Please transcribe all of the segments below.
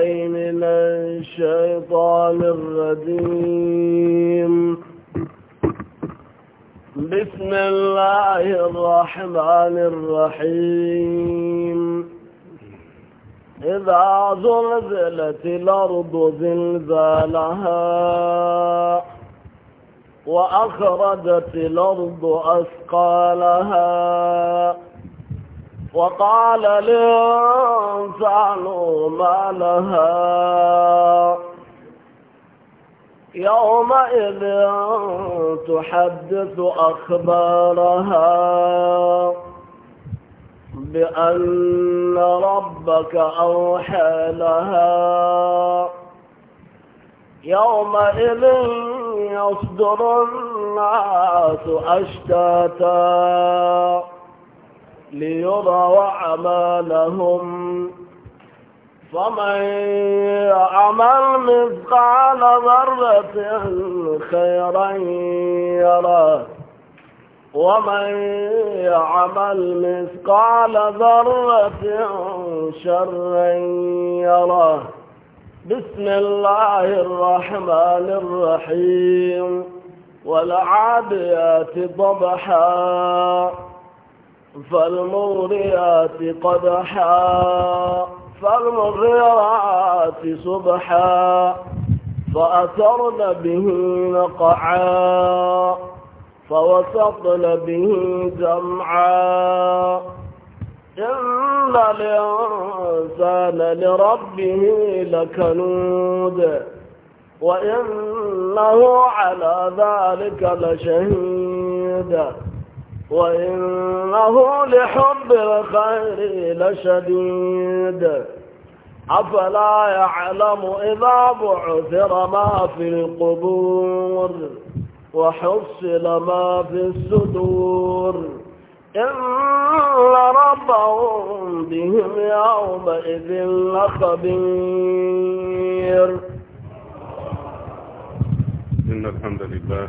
بالله من الشيطان الرجيم بسم الله الرحمن الرحيم إذا زلزلت الأرض زلزالها وأخرجت الأرض أثقالها وقال الإنسان ما لها يومئذ تحدث أخبارها بأن ربك أوحى لها يومئذ يصدر الناس أشتاتا ليروا أعمالهم فمن يعمل مثقال ذرة خيرا يرى ومن يعمل مثقال ذرة شرا يرى بسم الله الرحمن الرحيم والعاديات ضبحا فالمغريات قدحا فالمغيرات صبحا فأثرن به نقعا فوسطن به جمعا إن الإنسان لربه لكنود وإنه على ذلك لشهيد وإنه لحب الخير لشديد أفلا يعلم إذا بعثر ما في القبور وحصل ما في الصدور إن ربهم بهم يومئذ لخبير إن الحمد لله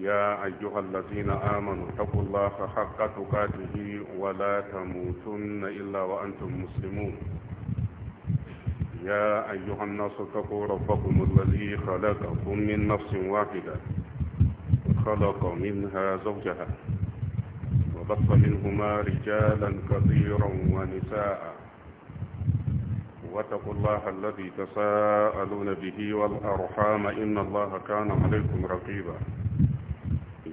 يا أيها الذين آمنوا اتقوا الله حق تقاته ولا تموتن إلا وأنتم مسلمون يا أيها الناس اتقوا ربكم الذي خلقكم من نفس واحدة خلق منها زوجها وبث منهما رجالا كثيرا ونساء واتقوا الله الذي تساءلون به والأرحام إن الله كان عليكم رقيبا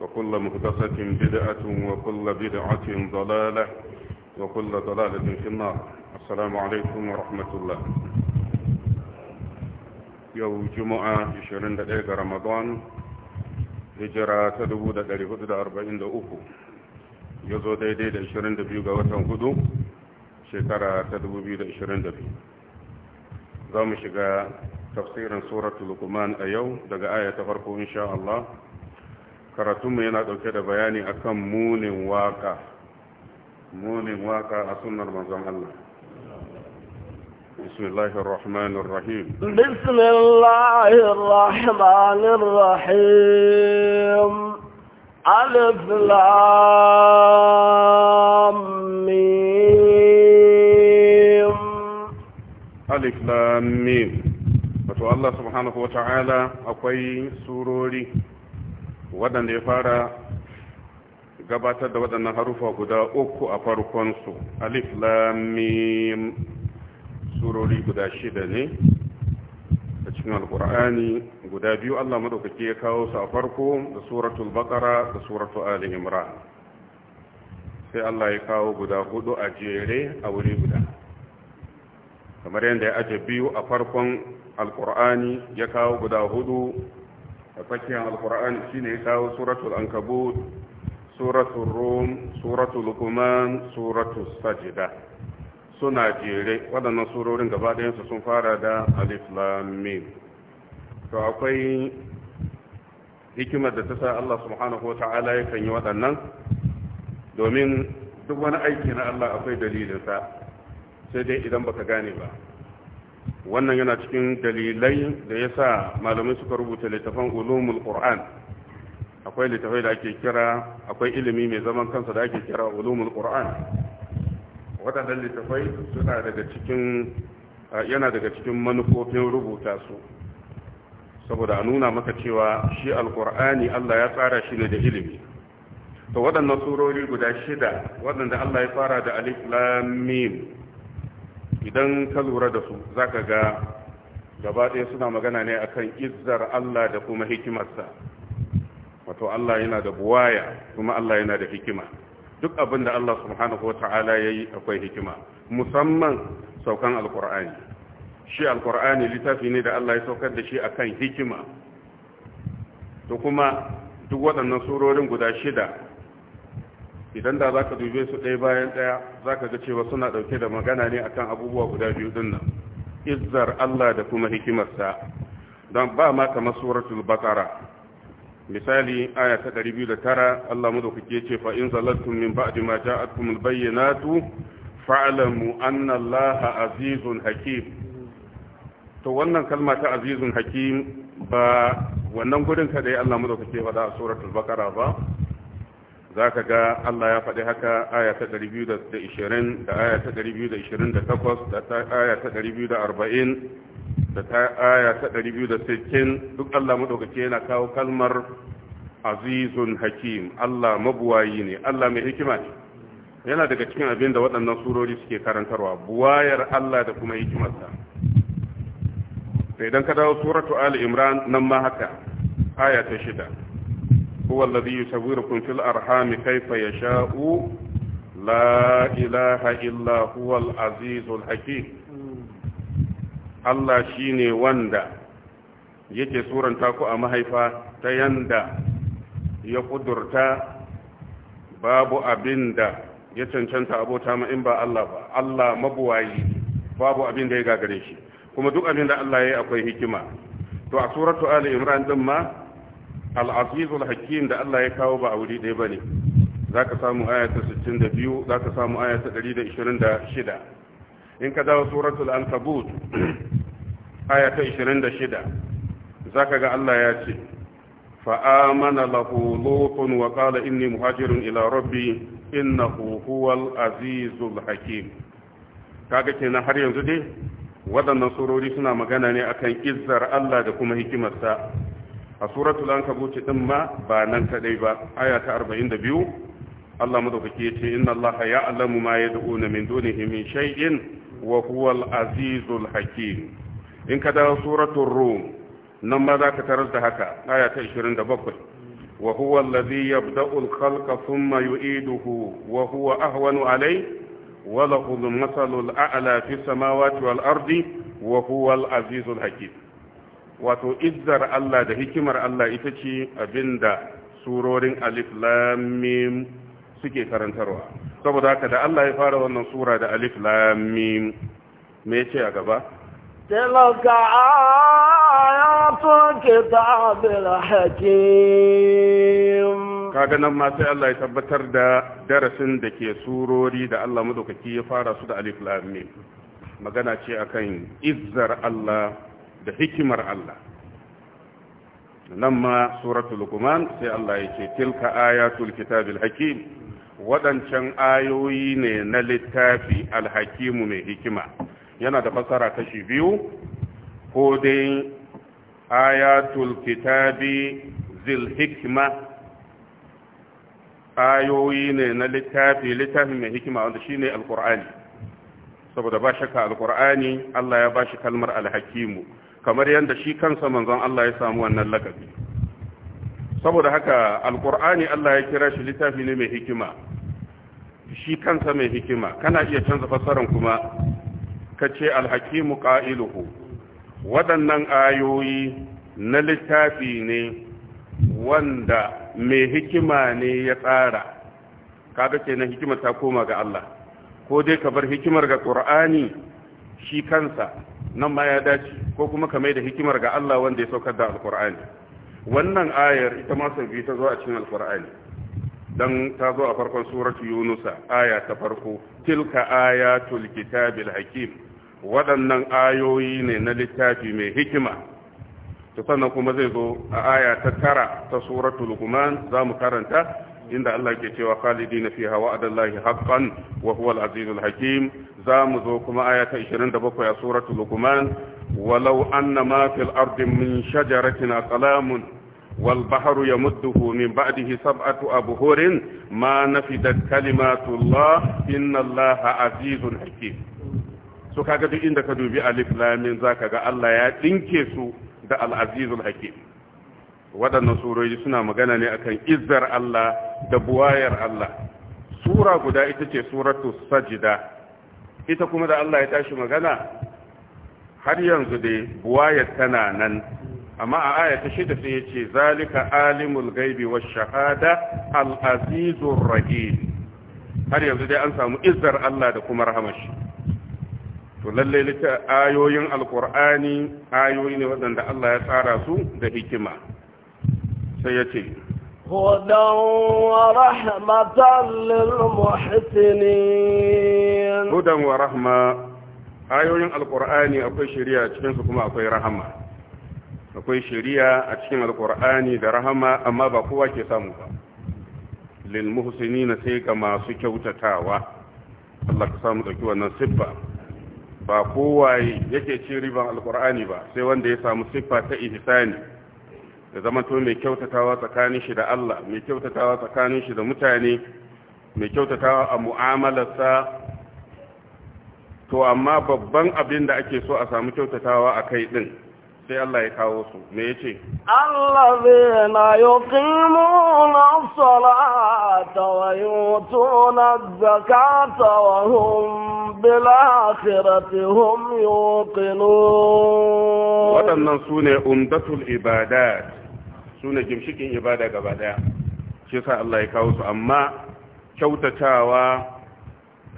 وكل مهدسة بدعة وكل بدعة ضلالة وكل ضلالة في النار السلام عليكم ورحمة الله يوم جمعة 21 رمضان hijira ta 443 ya zo daidai da 22 ga watan hudu shekara ta 2022 za mu shiga tafsirin suratul luqman a yau daga aya ta farko insha Allah karatunmu yana ɗauke da bayani akan munin waka munin waka a sunnar manzon Allah بسم الله الرحمن الرحيم بسم الله الرحمن الرحيم ألف لام ميم ألف لام ميم wato Allah subhanahu wa ta'ala akwai surori waɗanda ya fara gabatar da waɗannan harufa guda uku a farkonsu alif lamim surori guda shida ne a cikin alkur'ani guda biyu allah maɗaukaki ya kawo su a farko da suratul bakara da suratul ali imran sai allah ya kawo guda hudu a jere a wuri guda kamar yadda ya aje biyu a farkon alkur'ani ya kawo guda hudu a tsakiyar alkur'ani shine ya kawo suratul ankabut suratul rum suratul lukuman suratul sajida suna jere waɗannan surorin gaba ɗayansu sun fara da alif mim to akwai hikimar da ta sa Allah subhanahu wata'ala ya kan yi waɗannan domin duk wani aiki na Allah akwai dalilinsa sai dai idan baka gane ba wannan yana cikin dalilai da ya sa malamai suka rubuta littafan ulumul qur'an akwai littafai da ake kira akwai ilimi mai zaman kansa da ake kira ulumul qur'an waɗannan littafai suna daga cikin yana daga cikin manufofin rubuta su saboda a nuna maka cewa shi alkur'ani Allah ya tsara shi ne da ilimi to waɗannan surori guda shida waɗanda Allah ya fara da alif lam mim idan ka lura da su zaka ga gaba ɗaya suna magana ne akan izzar Allah da kuma hikimarsa wato Allah yana da buwaya kuma Allah yana da hikima duk abin da Allah subhanahu wata'ala yi akwai hikima musamman saukan alqur'ani shi alqur'ani littafi ne da Allah ya saukar da shi akan hikima to kuma duk waɗannan surorin guda shida idan da za ka dube su ɗaya bayan ɗaya za ka ga cewa suna ɗauke da magana ne akan abubuwa guda biyu ɗin nan izzar Allah da kuma hikimarsa don ba ma kamar suratul baqara misali aya ta 209 Allah mu madaukake ce fa in zalaltum min ba'di ma ja'atkumul bayyinatu fa'lamu anna Allah azizun hakim to wannan kalma ta azizun hakim ba wannan gudun gurin kadai Allah mu madaukake faɗa a suratul baqara ba za ka ga Allah ya faɗi haka aya ta 220 da aya ta 228 da ta aya ta 240 da ta aya ta 260 duk Allah madaukake yana kawo kalmar azizun hakim Allah mabuwayi ne Allah mai hikima ne yana daga cikin abin da waɗannan surori suke karantarwa buwayar Allah da kuma hikimarsa sai idan ka dawo suratu ali imran nan ma haka aya ta shida هو الذي يصوركم في الأرحام كيف يشاء لا إله إلا هو العزيز الحكيم الله شيني وندا yake suranta ku a mahaifa ta yanda ya kudurta babu abin da ya cancanta abota ma in ba Allah ba Allah mabuwayi babu abin da ya gagare shi kuma duk abin da Allah ya yi akwai hikima to a suratu ali imran din ma al'azizul hakim da Allah ya kawo ba a wuri ɗaya ba ne za ka samu ayata 62 za ka samu ayata 126 in ka dawo suratul ankabut ayata 26 za ka ga Allah ya ce fa'amana lahu lutun wa ƙala inni muhajirun ila rabbi innahu huwal azizul hakim kaga kenan har yanzu dai waɗannan surori suna magana ne akan izzar Allah da kuma hikimarsa a suratul ankabut din ma ba nan kadai ba aya ta 42 Allah madaukake yace inna ya alamu ma yad'una min dunihi min shay'in wa huwa al-azizul hakim in ka dawo suratul rum nan ma ka tarar da haka aya ta 27 wa huwa alladhi yabda'u al-khalqa thumma yu'iduhu wa huwa ahwanu alayhi وله المثل الأعلى في السماوات والأرض wahuwal azizul hakim wato izzar Allah da hikimar Allah ita ce abinda surorin alif lam mim suke karantarwa saboda haka da Allah ya fara wannan sura da alif lam mim me yace a gaba tilka ayatul kitabil hakim kaga nan ma sai Allah ya tabbatar da darasin da ke surori da Allah madaukaki ya fara su da alif lam mim magana ce akan izzar Allah da hikimar Allah nan ma suratul lukman sai Allah ya ce tilka ayatul kitabil hakim waɗancan ayoyi ne na littafi alhakimu mai hikima yana da fasara kashi biyu ko dai ayatul kitabi zil hikima ayoyi ne na littafi littafi mai hikima wanda shine alqur'ani saboda ba shaka alkur'ani Allah ya ba shi kalmar alhakimu kamar yadda shi kansa manzon Allah ya samu wannan lakabi saboda haka alkur'ani Allah ya kira shi littafi ne mai hikima shi kansa mai hikima kana iya canza fassarar kuma ka ce alhakimu ƙa'iluhu waɗannan ayoyi na littafi ne wanda mai hikima ne ya tsara kaga ke na hikimar ta koma ga Allah ko dai ka bar hikimar ga ƙur'ani shi kansa nan ma ya dace ko kuma ka mai da hikimar ga Allah wanda ya saukar da alkur'ani wannan ayar ita ma sai biyu ta zo a cikin alkur'ani dan ta zo a farkon suratu yunusa aya ta farko tilka ayatul kitabil hakim waɗannan ayoyi ne na littafi mai hikima to sannan kuma zai zo a aya ta tara ta suratu luqman za mu karanta inda Allah ke cewa khalidina fiha wa'adallahi haqqan wa huwa al-azizul hakim zamu zo kuma aya ta 27 a suratul luqman walau anna ma fil ardi min shajaratin aqlamun wal bahru yamudduhu min ba'dihi sab'atu abhurin ma nafidat kalimatullah innallaha azizun hakim so kaga duk inda ka dubi alif lamin min zaka ga Allah ya dinke su da al-azizul hakim waɗannan surori suna magana ne akan izzar Allah da buwayar Allah sura guda ita ce suratu sajida ita kuma da Allah ya tashi magana har yanzu dai buwayar tana nan amma a aya ta shida sai ya ce zalika alimul gaibi wa shahada al-azizur har yanzu dai an samu izzar Allah da kuma rahamashi to lallai lita ayoyin alqur'ani ayoyi ne waɗanda Allah ya tsara su da hikima sai ya ce hudan wa rahmatan lil muhsinin hudan wa rahma ayoyin alqur'ani akwai shari'a cikinsu kuma akwai rahama akwai shari'a a cikin alqur'ani da rahama amma ba kowa ke samu ba lil na sai ga masu kyautatawa Allah ka samu dauki wannan siffa ba kowaye yake ci riban alqur'ani ba sai wanda ya samu siffa ta ihsani da to mai kyautatawa tsakanin shi da Allah mai kyautatawa tsakanin shi da mutane mai kyautatawa a mu'amalarsa to amma babban abin da ake so a samu kyautatawa a kai din sai Allah ya kawo su me yace allazina yuqimu as-salata wa yutuna az-zakata wa hum bil akhirati hum yuqinun wadannan sune umdatul ibadat su ne gimshikin ibada gaba daya shi sa Allah ya kawo su amma kyautatawa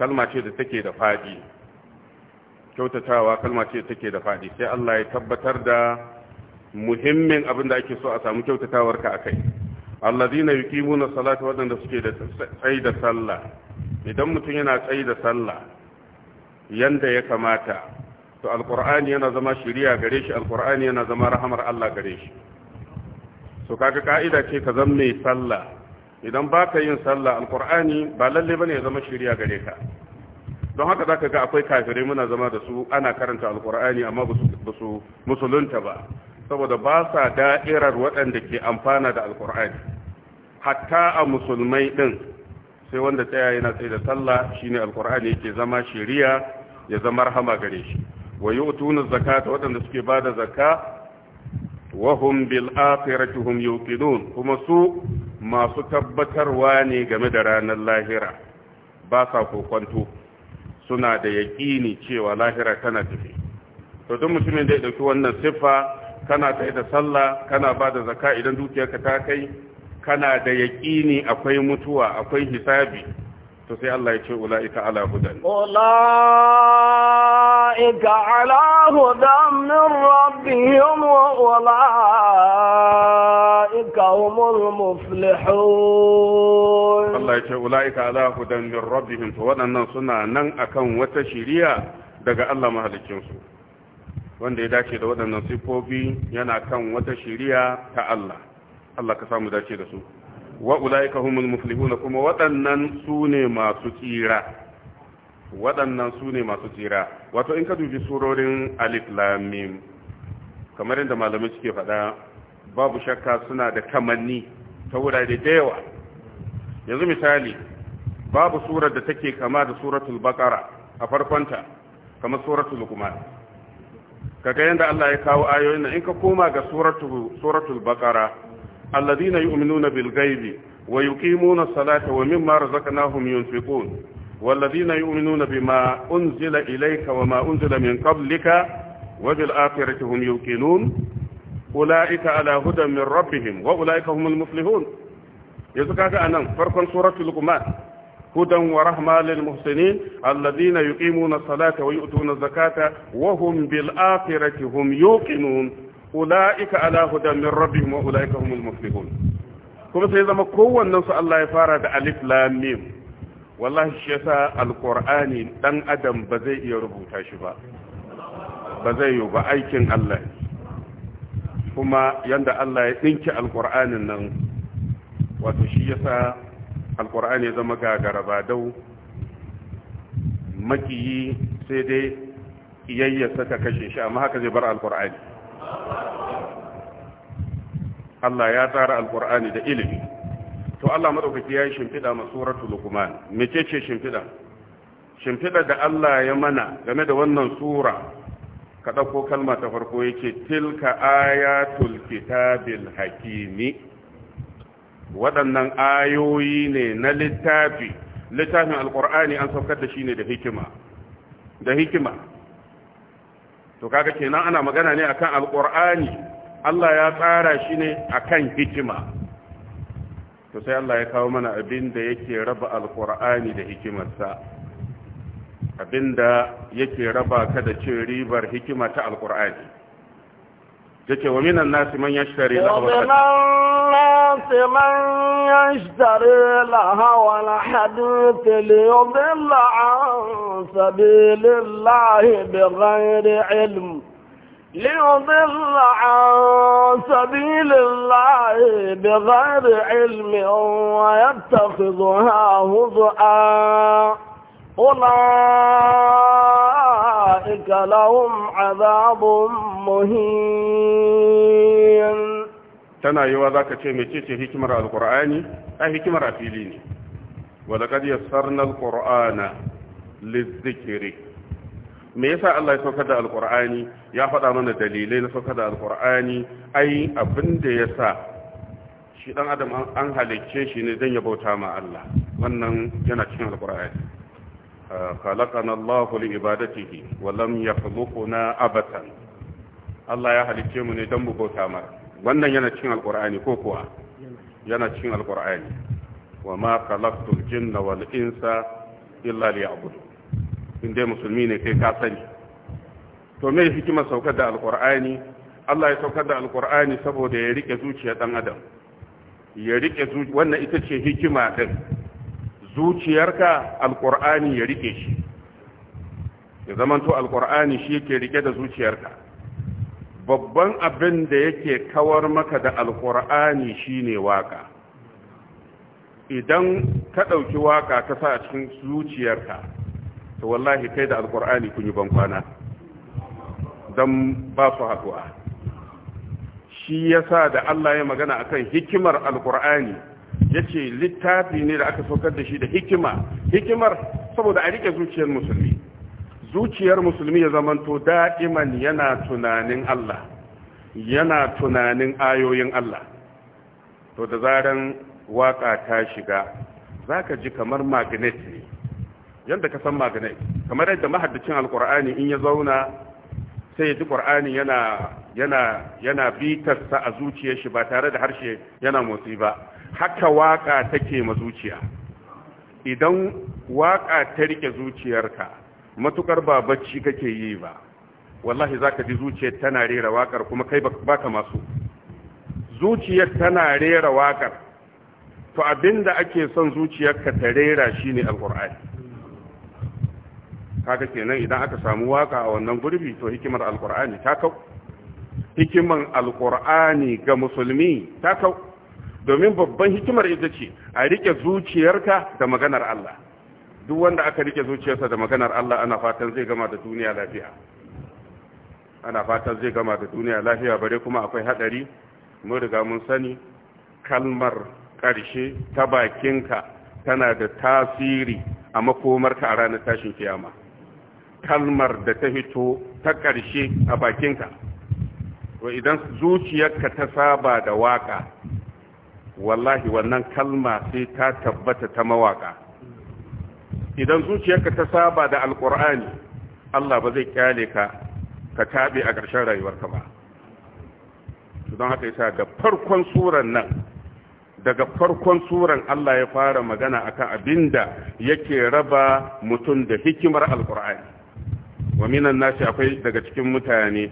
kalma ce da take da fadi kyautatawa kalma ce da take da fadi sai Allah ya tabbatar da muhimmin abin da ake so a samu kyautatawar ka akai alladhina yuqimuna salata wadanda suke da tsayi da sallah idan mutum yana tsayi da sallah yanda ya kamata to alqur'ani yana zama shiriya gare shi alqur'ani yana zama rahamar Allah gare shi to kaga ka'ida ce ka zama mai sallah idan baka yin sallah alkur'ani ba lalle bane ya zama shiriya gare ka don haka zaka ga akwai kafirai muna zama da su ana karanta alkur'ani amma ba su musulunta ba saboda ba sa da'irar waɗanda ke amfana da alkur'ani hatta a musulmai din sai wanda tsaya yana tsaye da sallah shine alkur'ani yake zama shiriya ya zama rahama gare shi wa yu'tuna zakata waɗanda suke bada zakka wahum bil akhirati hum yuqinun kuma su masu tabbatarwa ne game da ranar lahira basa sa kokonto suna da yaqini cewa lahira tana tafi to duk mutumin da ya wannan siffa kana tsaye sallah kana bada da zaka idan ka ta kai kana da yaqini akwai mutuwa akwai hisabi to sai Allah ya ce ula'ika ala hudan ula'ika ala hudan min rabbihim wa ula'ika humul muflihun Allah ya ce ula'ika ala hudan min rabbihim to waɗannan suna nan akan wata shiriya daga Allah mahalikinsu wanda ya dace da waɗannan sifofi yana kan wata shiriya ta Allah Allah ka samu dace da su wa ulaika humul muflihuna kuma waɗannan su ne masu tsira waɗannan su ne masu tsira wato in ka dubi surorin alif lam mim kamar yadda malamai suke faɗa babu shakka suna da kamanni ta wurare da yawa yanzu misali babu surar da take kama da suratul baqara a farkonta kamar suratul luqman kaga yanda Allah ya kawo ayoyin nan in ka koma ga suratul suratul baqara alladhina yu'minuna bil ghaibi wa yuqimuna as-salata wa mimma razaqnahum yunfiqun والذين يؤمنون بما أنزل إليك وما أنزل من قبلك وبالآخرة هم يوقنون أولئك على هدى من ربهم وأولئك هم المفلحون يذكر أن فرق سورة لقمان هدى ورحمة للمحسنين الذين يقيمون الصلاة ويؤتون الزكاة وهم بالآخرة هم يوقنون ula'ika ala hudan min rabbihim wa ula'ika humul muflihun kuma sai zama kowannen su Allah ya fara da alif lam mim wallahi shi yasa alqur'ani dan adam ba zai iya rubuta shi ba ba zai yi ba aikin Allah kuma yanda Allah ya dinki alqur'anin nan wato shi yasa alqur'ani ya zama ba dau makiyi sai dai iyayyarsa saka kashe shi amma haka zai bar alqur'ani Allah ya tsara alkur'ani da ilimi to Allah madaukaki ya yi shimfiɗa ma suratul luqman mecece shimfiɗa shimfiɗa da Allah ya mana game da wannan sura ka dauko kalma ta farko yake tilka ayatul kitabil hakimi waɗannan ayoyi ne na littafi littafin alkur'ani an saukar da shi ne da hikima da hikima to kaga kenan ana magana ne akan alqur'ani Allah ya tsara shi ne akan hikima to sai Allah ya kawo mana abin da yake raba alqur'ani da hikimarsa abin da yake raba ka da cin ribar hikima ta alqur'ani yake wa minan nasi man yashtari lahu الناس من يشتري لها الحديث ليضل عن سبيل الله بغير علم ليضل عن سبيل الله بغير علم ويتخذها هزءا أولئك لهم عذاب مهين tana yiwa za ka ce mecece hikimar alkur'ani a hikimar a fili ne wadda kad yassarna alkur'ana lizzikiri me yasa Allah ya saukar da alkur'ani ya faɗa mana dalilai na saukar da alkur'ani ai abin da ya sa shi dan adam an halicce shi ne don ya bauta ma Allah wannan yana cikin alkur'ani خلقنا الله لعبادته ولم يخلقنا أبدا الله يحلق من دم بوتامر wannan yana cikin alkur'ani ko kuwa yana cikin alkur'ani wa ma khalaqtul jinna wal insa illa liya'budu in dai musulmi ne kai ka sani to me hikimar saukar da alkur'ani Allah ya saukar da alkur'ani saboda ya rike zuciyar dan adam ya rike zuciya wannan ita ce hikima din zuciyarka alkur'ani ya rike shi ya zamanto alkur'ani shi yake rike da zuciyarka babban abin da yake kawar maka da alkur'ani shine waka idan ka ɗauki waka ka sa cikin zuciyarka to wallahi kai da alkur'ani kun yi bankwana don ba su haɗuwa shi yasa da Allah ya magana akan hikimar alkur'ani yace littafi ne da aka saukar da shi da hikima hikimar saboda a riƙe zuciyar musulmi zuciyar musulmi ya zamanto da'iman yana tunanin Allah yana tunanin ayoyin Allah to da zaran waka ta shiga zaka ji kamar magnet ne yanda ka san magnet kamar yadda mahaddacin alqur'ani in ya zauna sai ya ji qur'ani yana yana yana bitarsa a zuciyar shi ba tare da harshe yana motsi ba haka waka take ma zuciya idan waka ta rike zuciyarka matukar ba bacci kake yi ba wallahi zaka ji zuciyar tana rera wakar kuma kai baka masu zuciyar tana rera wakar to abinda ake son zuciyarka ta rera shine alqur'ani kaga kenan idan aka samu waka a wannan gurbi to hikimar alqur'ani ta kau hikiman alqur'ani ga musulmi ta kau domin babban hikimar ita ce a rike zuciyarka da maganar Allah duk wanda aka rike zuciyarsa da maganar Allah ana fatan zai gama da duniya lafiya ana fatan zai gama da duniya lafiya bare kuma akwai hadari mun riga mun sani kalmar karshe ta bakinka tana da tasiri a makomarka a ranar tashin kiyama kalmar da ta hito ta karshe a bakinka idan zuciyarka ta saba da waka wallahi wannan kalma sai ta tabbata ta mawaka idan zuciyarka ta saba da alkur'ani Allah ba zai kyale ka ka tabe a ƙarshen rayuwarka ba don haka yasa da farkon suran nan daga farkon suran Allah ya fara magana akan abinda yake raba mutum da hikimar alkur'ani wa minan nasi akwai daga cikin mutane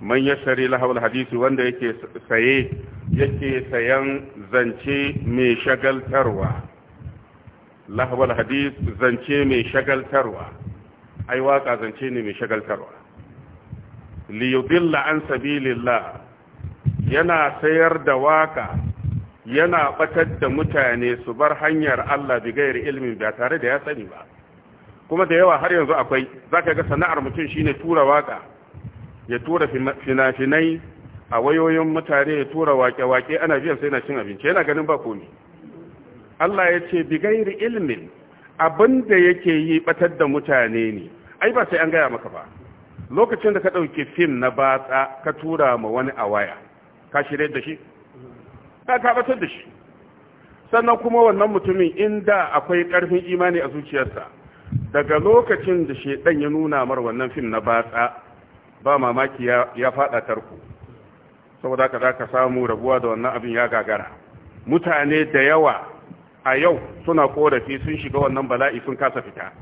man yashari lahawul hadisi wanda yake saye yake sayan zance mai shagaltarwa lahwal hadis zance mai shagaltarwa ai waka zance ne mai shagaltarwa li yudilla an sabilillah yana sayar da waka yana batar da mutane su bar hanyar Allah bi gairi ilmin ba tare da ya sani ba kuma da yawa har yanzu akwai zaka ga sana'ar mutum shine tura waka ya tura fina-finai a wayoyin mutane ya tura wake-wake ana biyan sai na cin abinci yana ganin ba komi Allah ya ce bigairi ilmin abin da yake yi batar da mutane ne ai ba sai an gaya maka ba lokacin da ka ɗauki fim na batsa ka tura ma wani a waya ka shirya da shi ka batar da shi sannan kuma wannan mutumin inda akwai ƙarfin imani a zuciyarsa daga lokacin da shi ɗan ya nuna mar wannan fim na batsa ba mamaki ya faɗa tarko saboda ka za ka samu rabuwa da wannan abin ya gagara mutane da yawa a yau suna korafi sun shiga wannan bala'i sun kasa fita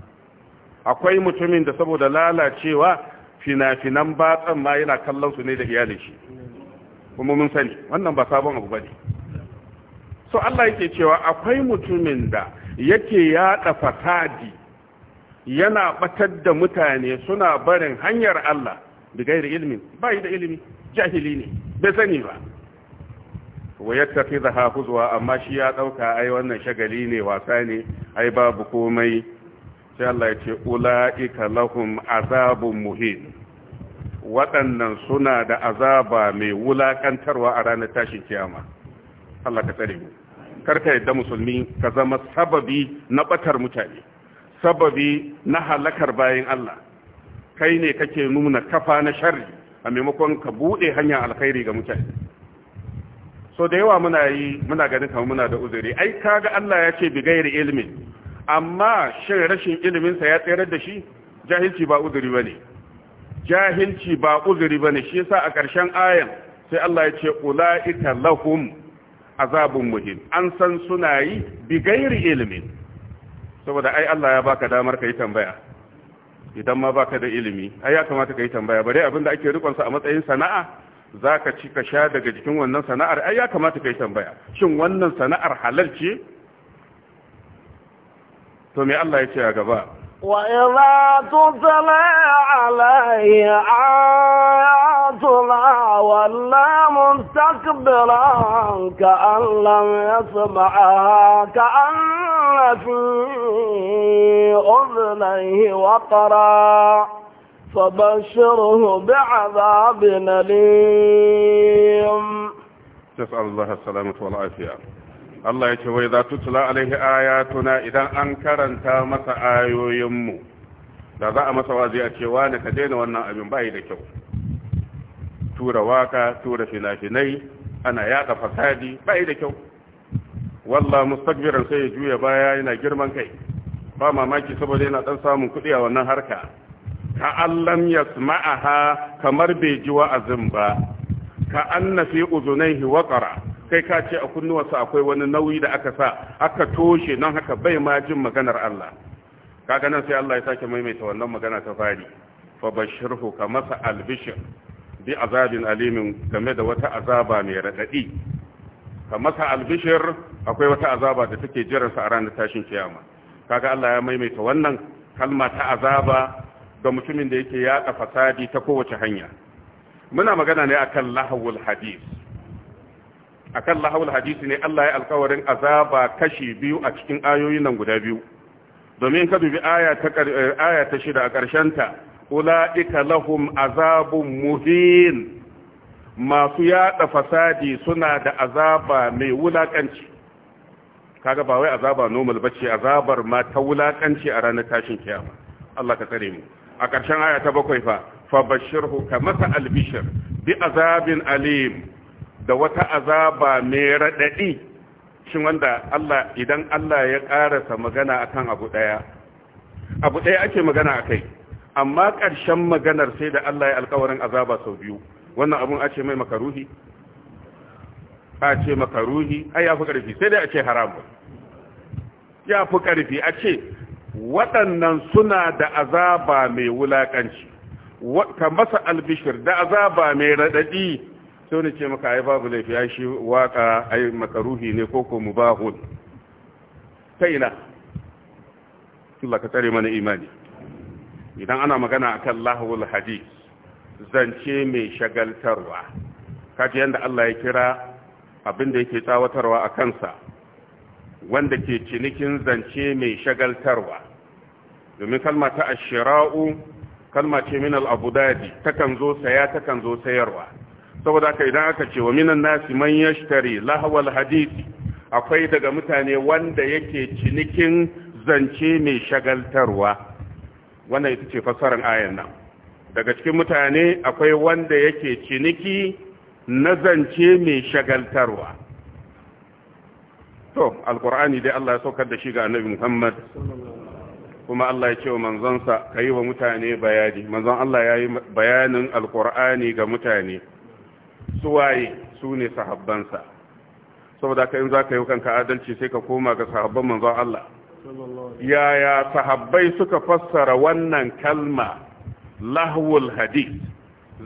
akwai mutumin da saboda lalacewa fina-finan batsan ma yana kallon su ne da iyalin shi kuma mun sani wannan ba sabon abu bane so Allah yake cewa akwai mutumin da yake yada fasadi yana batar da mutane suna barin hanyar Allah ilimin, ilmin bai da ilimi jahili ne bai sani ba wa da huzwa amma shi ya dauka ai wannan shagali ne wasa ne ai babu komai sai Allah ya ce ulaika lahum azabun muhin waɗannan suna da azaba mai wulakantarwa a ranar tashin kiyama Allah ka tsare mu karka yadda musulmi ka zama sababi na batar mutane sababi na halakar bayin Allah kai ne kake nuna kafa na sharri a maimakon ka bude hanya alkhairi ga mutane so da yawa muna yi muna ganin kamar muna da uzuri ai kaga Allah ya ce bi gairi ilmi amma shin rashin ilimin sa ya tsayar da shi jahilci ba uzuri bane jahilci ba uzuri bane shi yasa a ƙarshen ayan sai Allah ya ce ulaika lahum azabun muhim, an san suna yi bi gairi ilmi saboda ai Allah ya baka damar kai tambaya idan ma baka da ilimi ai ya kamata kai tambaya bare abinda ake rikonsa a matsayin sana'a za ka ci ka sha daga jikin wannan sana'ar ai ya kamata ka yi tambaya shin wannan sana'ar halal ce to me Allah ya ce a gaba wa idza tusala alayhi azla walla mustaqbala ka allam yasma'a ka allati udlayhi waqra فبشره بعذاب أليم نسأل الله السلامة والعافية Allah ya ce wai za tutula alaihi tuna idan an karanta masa ayoyinmu da za a masa wazi a cewa ne ka daina wannan abin bai da kyau tura waka tura finafinai ana yada fasadi bai da kyau wallah mustakbiran sai ya juya baya yana girman kai ba mamaki saboda yana dan samun kuɗi a wannan harka ka'allam yasma'aha kamar bai ji wa'azin ba ka'anna fi uzunaihi waqara kai ka ce a kunnuwarsa akwai wani nauyi da aka sa aka toshe nan haka bai ma jin maganar Allah kaga nan sai Allah ya sake maimaita wannan magana ta fari fa bashirhu ka masa albishir bi azabin alimin game da wata azaba mai raɗaɗi. ka masa albishir akwai wata azaba da take jiransa a ranar tashin kiyama kaga Allah ya maimaita wannan kalma ta azaba ga mutumin da yake yaɗa fasadi ta kowace hanya muna magana ne akan lahawul hadis akan lahawul hadis ne Allah ya alƙawarin azaba kashi biyu a cikin ayoyin nan guda biyu domin ka dubi aya ta eh, aya ta shida a ƙarshen ta ulaika lahum azabun muhin masu yaɗa fasadi suna da azaba mai wulakanci kaga ba wai azaba normal bace azabar ma ta wulakanci a ranar tashin kiyama Allah ka tsare mu a ƙarshen aya ta bakwai fa fa bashirhu ka masa albishir bi azabin alim da wata azaba mai raɗaɗi shin wanda Allah idan Allah ya ƙarasa magana akan abu ɗaya abu ɗaya ake magana akai amma ƙarshen maganar sai da Allah ya alƙawarin azaba sau biyu wannan abun a ce mai makaruhi a ce makaruhi ai ya fi ƙarfi sai dai a ce haram. ya fi ƙarfi a ce waɗannan suna da azaba mai wulaƙanci ka masa albishir da azaba mai raɗaɗi sau ne ce maka ai babu laifi ya shi waƙa ai makaruhi ne ko ko mubahun ta ina Allah ka tsare mana imani idan ana magana a kan lahawul hadis zance mai shagaltarwa kaji yadda Allah ya kira abin da yake tsawatarwa a kansa wanda ke cinikin zance mai shagaltarwa domin kalma ta ashira'u kalma ce min ta takan zo saya takan zo sayarwa saboda ka idan aka ce wa minan nasi man yashtari lahawal hadisi akwai daga mutane wanda yake cinikin zance mai shagaltarwa wannan ita ce fassarar ayan nan daga cikin mutane akwai wanda yake ciniki na zance mai shagaltarwa to alkur'ani dai Allah ya saukar da shi ga annabi Muhammad kuma Allah ya ce wa manzonsa ka yi wa mutane bayani manzon Allah ya yi bayanin alkur'ani ga mutane waye su ne sahabbansa saboda ka in za ka yi kanka adalci sai ka koma ga sahabban manzon Allah yaya sahabbai suka fassara wannan kalma lahwul hadith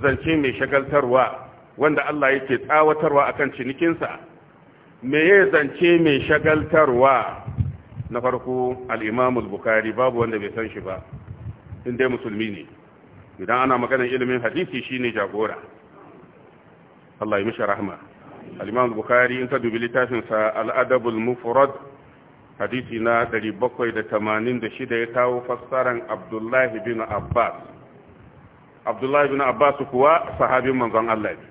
zance mai shagaltarwa wanda Allah yake tsawatarwa akan cinikinsa me ya zance mai shagaltarwa na farko al'imamul bukari babu wanda bai san shi ba inda musulmi ne idan ana maganin ilimin hadisi shine jagora Allah yi mishi rahama al'imamul bukari in ka dubi littafinsa al'adabul mufrad hadisi na 786 ya kawo fassaran abdullahi bin abbas abdullahi bin abbas kuwa sahabin manzon Allah ne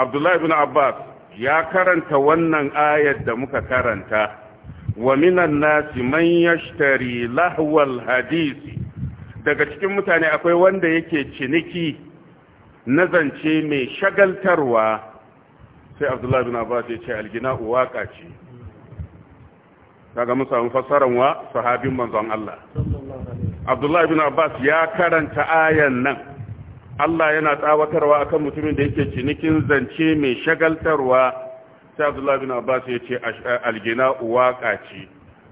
abdullahi bin abbas ya karanta wannan ayar da muka karanta wa minan nasi man yashtari lahwal hadisi daga cikin mutane akwai wanda yake ciniki na zance mai shagaltarwa sai abdullahi bin abbas ya ce algina waka ce daga mun fassara wa sahabin manzon Allah abdullahi bin abbas ya karanta ayan nan Allah yana tsawatarwa kan mutumin da yake cinikin zance mai shagaltarwa sai Abdullah bin Abbas ya ce eh, algina waka ce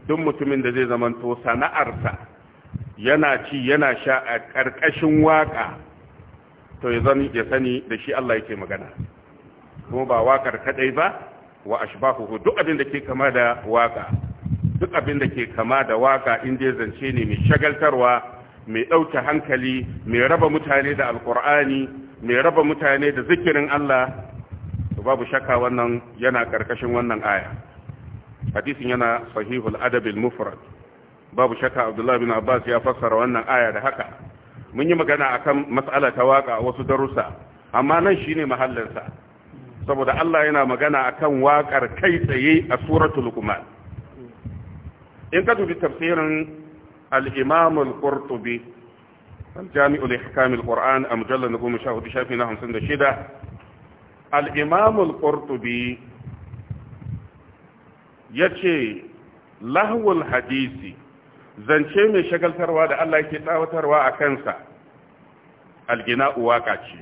duk mutumin da zai zamanto sana'arsa yana ci yana sha a ƙarƙashin waka to ya zani ya sani da shi Allah yake magana kuma ba wakar kaɗai ba wa ashbahuhu duk abin da ke kama da waƙa. duk abin da ke kama da waka in dai zance ne mai shagaltarwa mai ɗauke hankali mai raba mutane da alkur'ani mai raba mutane da zikirin Allah to babu shakka wannan yana ƙarƙashin wannan aya hadisin yana sahihul adabil mufrad babu shakka abdullahi bin abbas ya fassara wannan aya da haka mun yi magana akan mas'ala ta waka wasu darussa amma nan shine mahallinsa saboda Allah yana magana akan waƙar kai tsaye a suratul luqman in ka dubi tafsirin al-imam al-qurtubi al-jami' al-ihkam a mujallal na goma sha hudu shafi na hamsin da shida al-imam ya ce lahwul hadisi zance mai shagaltarwa da Allah yake tsawatarwa a kansa algina uwaka ce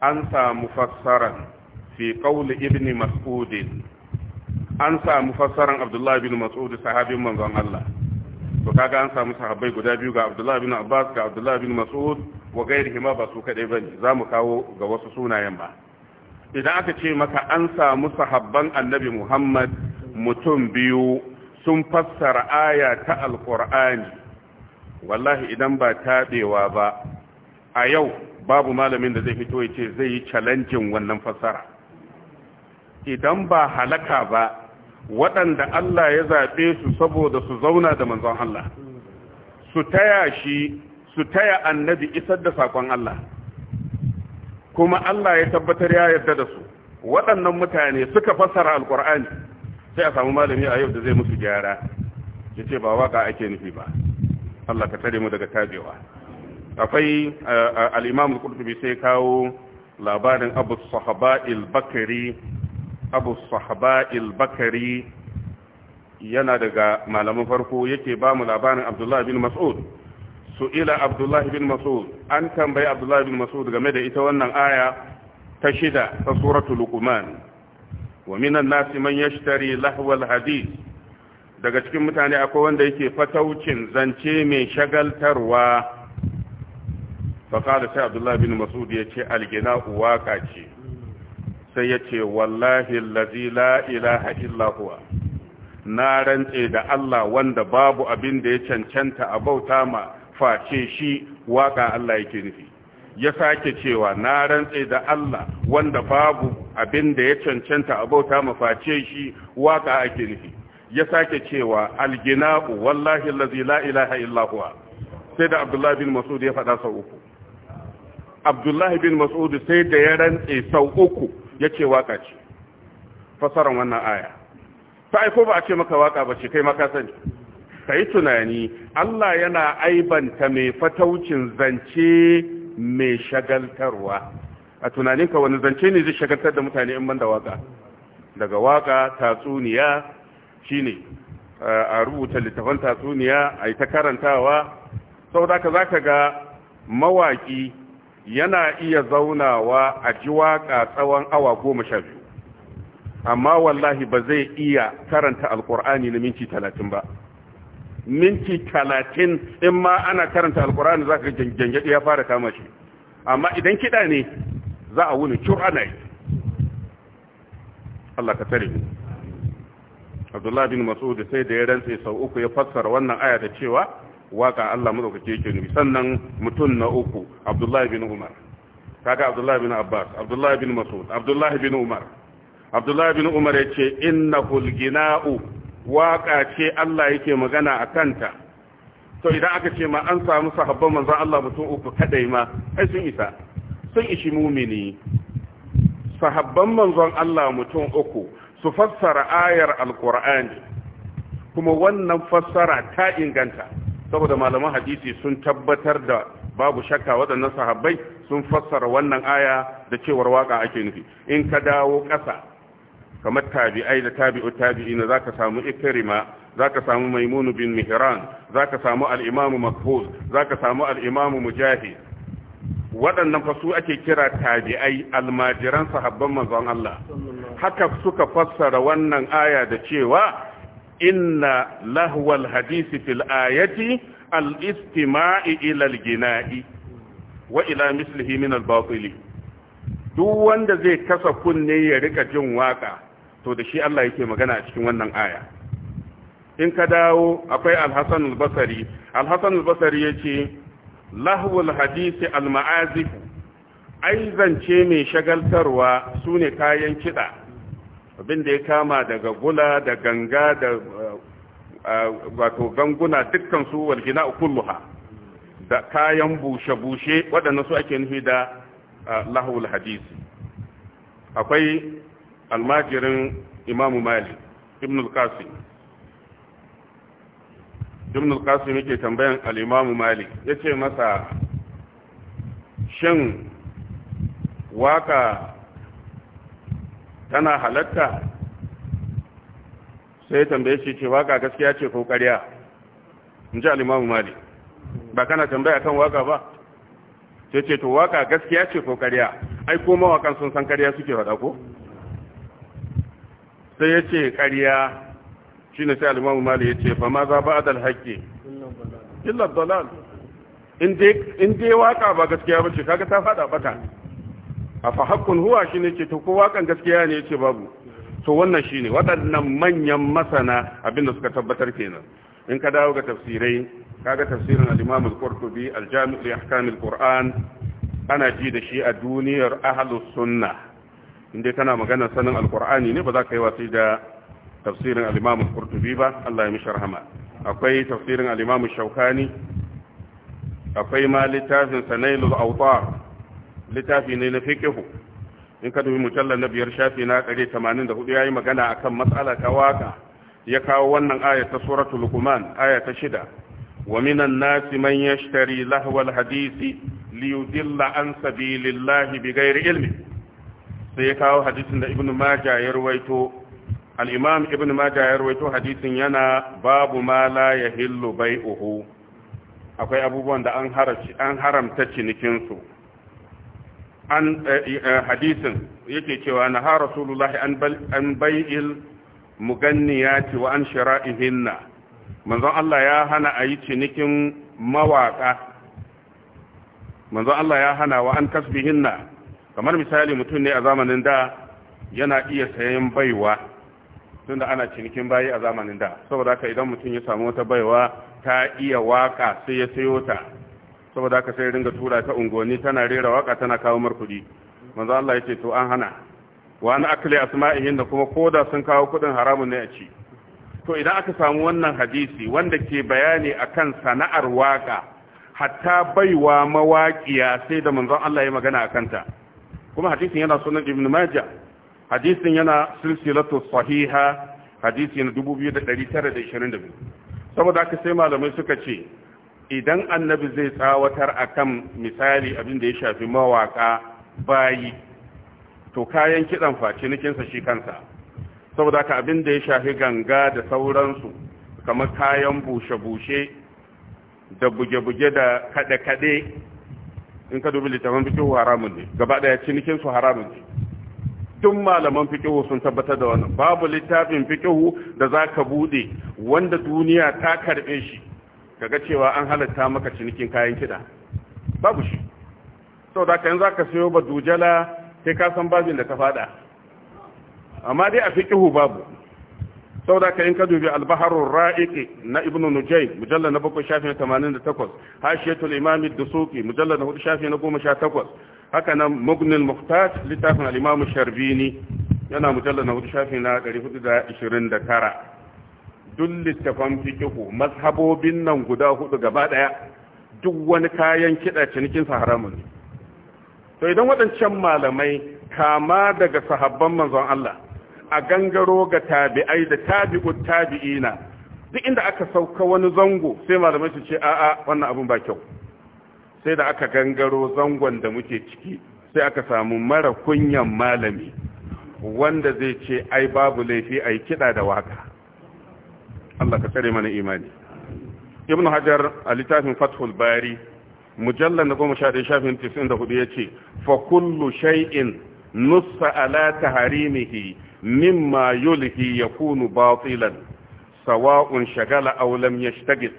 an samu fassaran fi an samu fassaran abdullahi bin sahabin manzon Allah to kaga an samu sahabbai guda biyu ga Abdullahi bin Abbas ga Abdullahi bin Mas'ud wa gairihi ma ba su kadai bane mu kawo ga wasu sunayen ba idan aka ce maka an samu sahabban Annabi Muhammad mutum biyu sun fassara aya ta alqur'ani wallahi idan ba taɗewa ba a yau babu malamin da zai fito ya ce zai yi challenging wannan fassara idan ba halaka ba waɗanda Allah ya zaɓe su saboda su zauna da manzon Allah su taya shi su taya annabi isar da sakon Allah kuma Allah ya tabbatar ya yarda da su waɗannan mutane suka fassara alkur'ani sai a samu malami a yau da zai musu gyara ya ce ba waka ake nufi ba Allah ka tare mu daga tajewa. akwai eh, eh, al-imam al-qurtubi sai kawo labarin abu sahaba'il bakari abu sahaba bakari yana daga malamin farko yake ba mu labarin abdullahi bin mas'ud su ila abdullahi bin mas'ud an tambayi abdullahi bin mas'ud game da ita wannan aya ta shida ta suratul luqman wa minan nasi man yashtari lahwal hadith daga cikin mutane akwai wanda yake fataucin zance mai shagaltarwa fa kada sai abdullahi bin mas'ud ya ce algina waka ce sai ya ce wallahi lazi la ilaha illa na rantse da Allah wanda babu abin da ya cancanta a bauta ma face shi waka Allah yake nufi ya sake cewa na rantse da Allah wanda babu abin da ya cancanta a bauta ma face shi waka ake nufi ya sake cewa algina'u wallahi lazi la ilaha illa sai da Abdullah bin Mas'ud ya faɗa sau uku Abdullah bin Mas'ud sai da ya rantse sau uku ya ce waka ce fasaran wannan aya ta aiko ba a ce maka waka ba ce kai maka sani ka yi tunani Allah yana aibanta mai fataucin zance mai shagaltarwa a tunaninka wani zance ne zai shagaltar da mutane in banda waka daga waka tatsuniya shine a rubuta littafan tatsuniya a yi ta karantawa sau da ka za ka ga mawaki yana iya zaunawa a ji waka tsawon awa goma sha biyu amma wallahi ba zai iya karanta alkur'ani na minti talatin ba minti talatin in ma ana karanta alkur'ani za ka gyangyaɗi ya fara kama shi amma idan kiɗa ne za a wuni cur ana yi Allah ka tare Abdullahi bin Mas'ud sai da ya rantse sau uku ya fassara wannan aya da cewa waka Allah madaukake yake nufi sannan mutum na uku Abdullahi bin Umar kaga Abdullahi bin Abbas Abdullahi bin Mas'ud Abdullahi bin Umar Abdullahi bin Umar yace innahul gina'u waka ce Allah yake magana a kanta to idan aka ce ma an samu sahabban manzon Allah mutum uku kadai ma ai sun isa sun ishi mumini sahabban manzon Allah mutum uku su fassara ayar alqur'ani kuma wannan fassara ta inganta saboda malaman hadisi sun tabbatar da babu shakka waɗannan sahabbai sun fassara wannan aya da cewar waka ake nufi in ka dawo ƙasa kamar tabi'ai da tabi'u tabi'ina zaka samu za ka samu maimunu bin mihran zaka samu al-imamu makhul zaka samu al mujahid waɗannan fa su ake kira tabi'ai almajiran sahabban manzon Allah haka suka fassara wannan aya da cewa inna lahwal hadisi fil ayati al-istima'i ila al-gina'i wa ila mislihi min al-batili duk wanda zai kasa kunne ya rika jin waka to da shi Allah yake magana a cikin wannan aya in ka dawo akwai al-hasan al-basri al-hasan al-basri yace lahwal hadisi al-ma'azif aizance mai shagaltarwa sune kayan kida abin da ya kama daga gula da ganga da eh, eh, wato ganguna dukkan su wal gina kulluha da kayan bushe-bushe waɗanda su ake nufi da eh, lahul hadisi akwai almajirin imamu malik ibn al-qasim ibn al-qasim yake tambayan al-imamu malik yace masa shin waka tana halatta sai tambaye shi ce waka gaskiya ce ko ƙarya in ji alimamu mali ba kana tambaya kan waka ba sai ce to waka gaskiya ce ko ƙarya ai ko mawakan sun san ƙarya suke faɗa ko sai ya ce ƙarya shi ne sai alimamu mali ya ce fa ma za ba adal haƙƙi illa dalal in dai waka ba gaskiya ba ce kaga ta faɗa bata a fa haƙƙun huwa shi ne ce to kowa kan gaskiya ne ce babu to wannan shi ne waɗannan manyan masana abinda suka tabbatar kenan in ka dawo ga tafsirai kaga tafsirin al-imam al-qurtubi al-jami' li ahkam al-qur'an ana ji da shi a duniyar ahlus sunna inda kana magana sanin al-qur'ani ne ba za ka yi wasi da tafsirin al-imam al-qurtubi ba Allah ya mishi rahama akwai tafsirin al-imam shaukani akwai ma littafin sanailul awtar littafi ne na fikihu in ka dubi mujallar na biyar shafi na kare 84 yayi magana akan matsala ta waka ya kawo wannan aya ta suratul luqman aya ta shida wa minan nasi man yashtari lahwal hadisi liyudilla an sabilillahi bighairi ilmi sai ya kawo hadisin da ibnu majah ya ruwaito al'imam ibn mata ya hadisin yana babu ma la ya hillu akwai abubuwan da an haramta cinikinsu an eh, eh, eh, hadisin yake cewa na ha rasulullahi an bai'il muganniyati wa an shira'ihinna manzon Allah ya hana a yi cinikin mawaka manzon Allah ya hana wa an kasbihinna kamar misali mutum ne a zamanin da yana iya sayan baiwa tunda ana cinikin bayi a zamanin da saboda haka idan mutum ya samu wata baiwa ta iya waka sai ya sayo ta saboda haka sai ringa tura ta unguwanni tana rera waka tana kawo mar kuɗi manzo Allah yace to an hana wa an akli asma'ihin da kuma koda sun kawo kuɗin haramun ne a ci to idan aka samu wannan hadisi wanda ke bayani akan sana'ar waka hatta baiwa mawaƙiya sai da manzon Allah ya magana a kanta kuma hadisin yana sunan ibn majah hadisin yana silsilatu sahiha hadisi na 2922 saboda haka sai malamai suka ce idan annabi zai tsawatar a kan misali abin da ya shafi mawaka bayi to kayan kiɗan faci nikinsa shi kansa saboda ka abin da ya shafi ganga da sauransu kamar kayan bushe-bushe da buge-buge da kade-kade in ka dubi littafin fikihu haramun ne gaba daya cinikinsu haramun ne Tun malaman fikihu sun tabbatar da wani babu littafin fikihu da za ka bude wanda duniya ta karbe shi kaga cewa an halatta maka cinikin kayan kida babu shi sau da kayan za ka sayo ba dujala sai ka san babin da ka fada amma dai a fiƙihu babu sau da kayan ka dubi albaharun ra'iƙi na ibn nujai mujallar na bakwai shafi na tamanin da takwas hashiyatul imami da suki mujallar na hudu shafi na goma sha takwas haka nan mugnin muhtaj littafin al'imamu sharbini yana mujallar na hudu shafi na ɗari hudu da ishirin da tara duk littafan fikihu mazhabobin nan guda hudu gaba daya duk wani kayan kiɗa cinikin sa haramun ne to idan waɗancan malamai kama daga sahabban manzon Allah a gangaro ga tabi'ai da tabi'ut tabi'ina duk inda aka sauka wani zango sai malamai su ce a'a wannan abun ba kyau sai da aka gangaro zangon da muke ciki sai aka samu mara kunyan malami wanda zai ce ai babu laifi ai kiɗa da waka Allah ka tsare mana imani Ibnu hajar a littafin fathul bari mujallar na goma sha ɗaya shafin tisin da hudu ya ce fa kullu shay'in nussa ala taharimihi mimma yulhi yakunu batilan sawa'un shagala aw lam yashtagil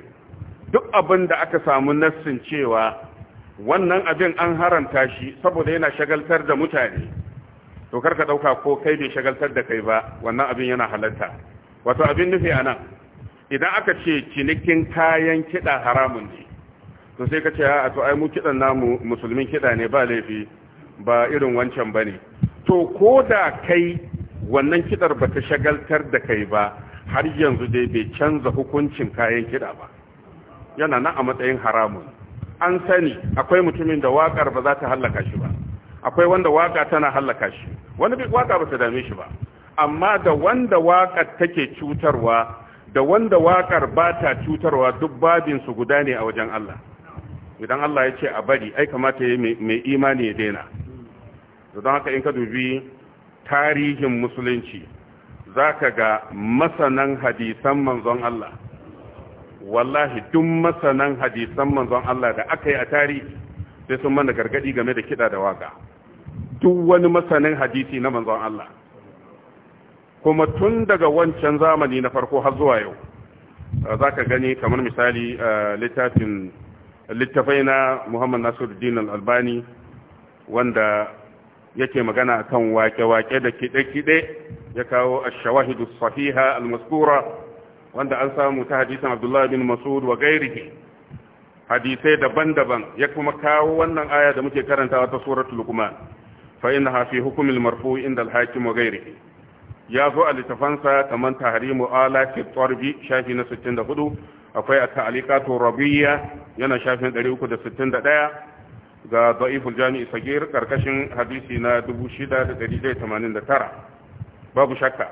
duk abinda aka samu nassin cewa wannan abin an haramta shi saboda yana shagaltar da mutane to karka dauka ko kai bai shagaltar da kai ba wannan abin yana halatta wato abin nufi anan idan aka ce cinikin kayan kiɗa haramun ne to sai ka ce a to ai mu kiɗan namu musulmin kiɗa ne ba laifi ba irin wancan ba ne to ko da kai wannan kiɗar ba ta shagaltar da kai ba har yanzu dai bai canza hukuncin kayan kiɗa ba yana nan a matsayin haramun an sani akwai mutumin da waƙar ba za ta hallaka shi ba akwai wanda waƙa tana hallaka shi wani bai waƙa ba ta dame shi ba amma da wanda waƙar take cutarwa da wanda waƙar ba ta cutarwa duk babinsu guda ne a wajen Allah idan Allah ya ce a bari ai kamata ya mai imani ya daina don haka in ka dubi tarihin musulunci za ka ga masanan hadisan manzon Allah wallahi duk masanan hadisan manzon Allah da aka yi a tarihi sai sun mana gargadi game da kiɗa da waƙa, duk wani masanin hadisi na manzon Allah kuma tun daga wancan zamani na farko har zuwa yau uh, za ka gani kamar misali uh, littafai na muhammad nasiruddin albani wanda yake magana kan wake-wake da kide-kide ya kawo ashawahidu Al-Maskura, wanda an samu ta hadisan abdullahi bin masud wa gairihi hadisai daban-daban ya kuma kawo wannan aya da muke karantawa ta suratul luqman fa innaha fi hukmil marfu inda al-hakim wa gairihi ya zo a littafansa kamar tahrimu ala fi shafi na 64 akwai a ta'alikatu rabiyya yana shafin 361 ga da'iful jami'i sagir karkashin hadisi na 6189 babu shakka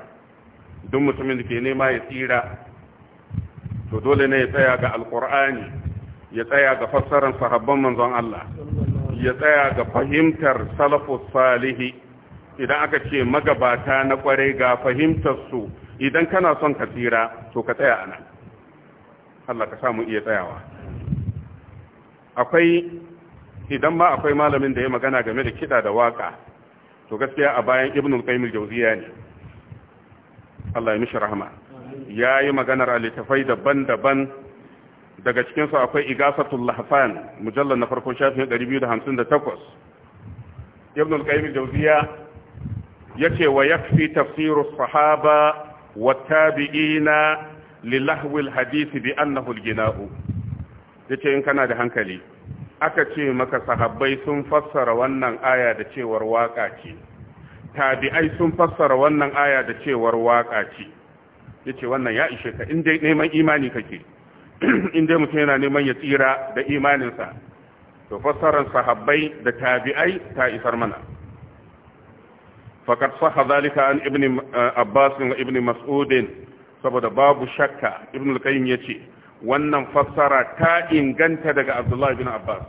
duk mutumin da ke nema ya tsira to dole ne ya tsaya ga alkur'ani ya tsaya ga fassarar sahabban manzon Allah ya tsaya ga fahimtar salafus salihi idan aka ce magabata na kwarai ga fahimtar su idan kana son ka tsira to ka tsaya anan Allah ka samu iya tsayawa akwai idan ma akwai malamin da ya magana game da kida da waka to gaskiya a bayan ibnu qayyim al-jawziya ne Allah ya mishi rahama yayi maganar alitafai daban-daban daga cikin su akwai igasatul lahfan mujallal na farko shafin 258 ibnu qayyim al-jawziya ce wa yakfi tafsiru sahaba wa tabi'ina li lahwi alhadith bi annahu algina'u yace in kana da hankali aka ce maka sahabbai sun fassara wannan aya da cewar waka ce tabi'ai sun fassara wannan aya da cewar waka ce yace wannan ya ishe ka in dai neman imani kake in dai mutum yana neman ya tsira da imaninsa to fassarar sahabbai da tabi'ai ta isar mana faqad sahha zalika an ibn abbas wa ibn mas'ud saboda babu shakka ibn al-qayyim yace wannan fassara ta inganta daga abdullah ibn abbas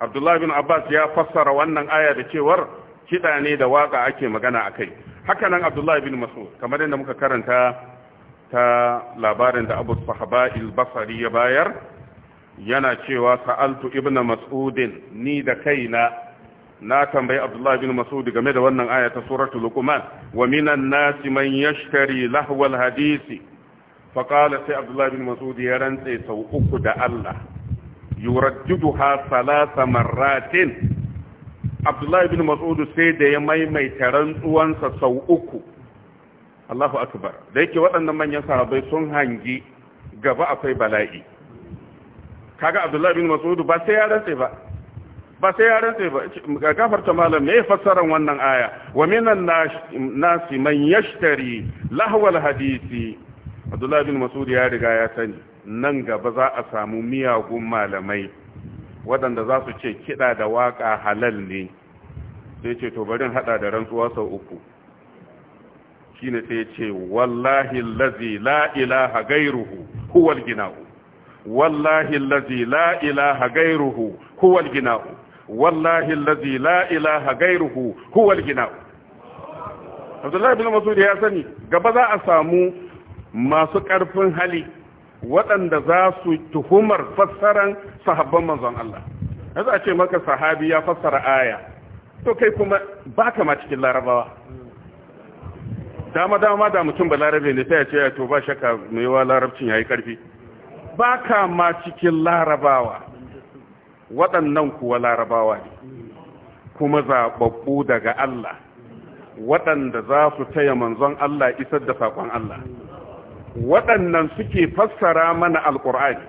abdullah ibn abbas ya fassara wannan aya da cewar kida ne da waka ake magana akai haka nan abdullah ibn mas'ud kamar yadda muka karanta ta labarin da abu sahaba basari ya bayar yana cewa sa'altu ibn mas'udin ni da kaina na tambayi Abdullah bin Mas'ud game da wannan aya ta suratul Luqman wa minan nasi man yashtari lahwal hadisi fa qala sai Abdullah bin Mas'ud ya rantse sau uku da Allah yuraddiduha salasa marratin Abdullah bin Mas'ud sai da ya maimaita rantsuwansa sau uku Allahu akbar da yake waɗannan manyan sahabbai sun hangi gaba akwai bala'i kaga Abdullah bin Mas'ud ba sai ya rantse ba ba sai ya rantse ba ga gafarta malam me fassaran wannan aya wa minan nasi man yashtari lahwal hadisi Abdullah bin Mas'ud ya riga ya sani nan gaba za a samu miyagun malamai waɗanda za su ce kiɗa da waƙa halal ne sai ce to barin haɗa da rantsuwa sau uku shine sai ce wallahi allazi la ilaha gairuhu huwal gina'u wallahi allazi la ilaha gairuhu huwal gina'u wallahi allazi la ilaha gairuhu huwa al-ghina Abdullahi bin Mas'ud ya sani gaba za a samu masu karfin hali waɗanda za su tuhumar fassaran sahabban manzon Allah yanzu a ce maka sahabi ya fassara aya to kai kuma baka ma cikin larabawa dama dama da mutum ba larabe ne sai ya ce to ba shakka mai wa larabcin yayi karfi baka ma cikin larabawa waɗannan kuwa larabawa ne kuma zaɓaɓɓu daga Allah waɗanda za su taya manzon Allah isar da saƙon Allah waɗannan suke fassara mana alƙur'ani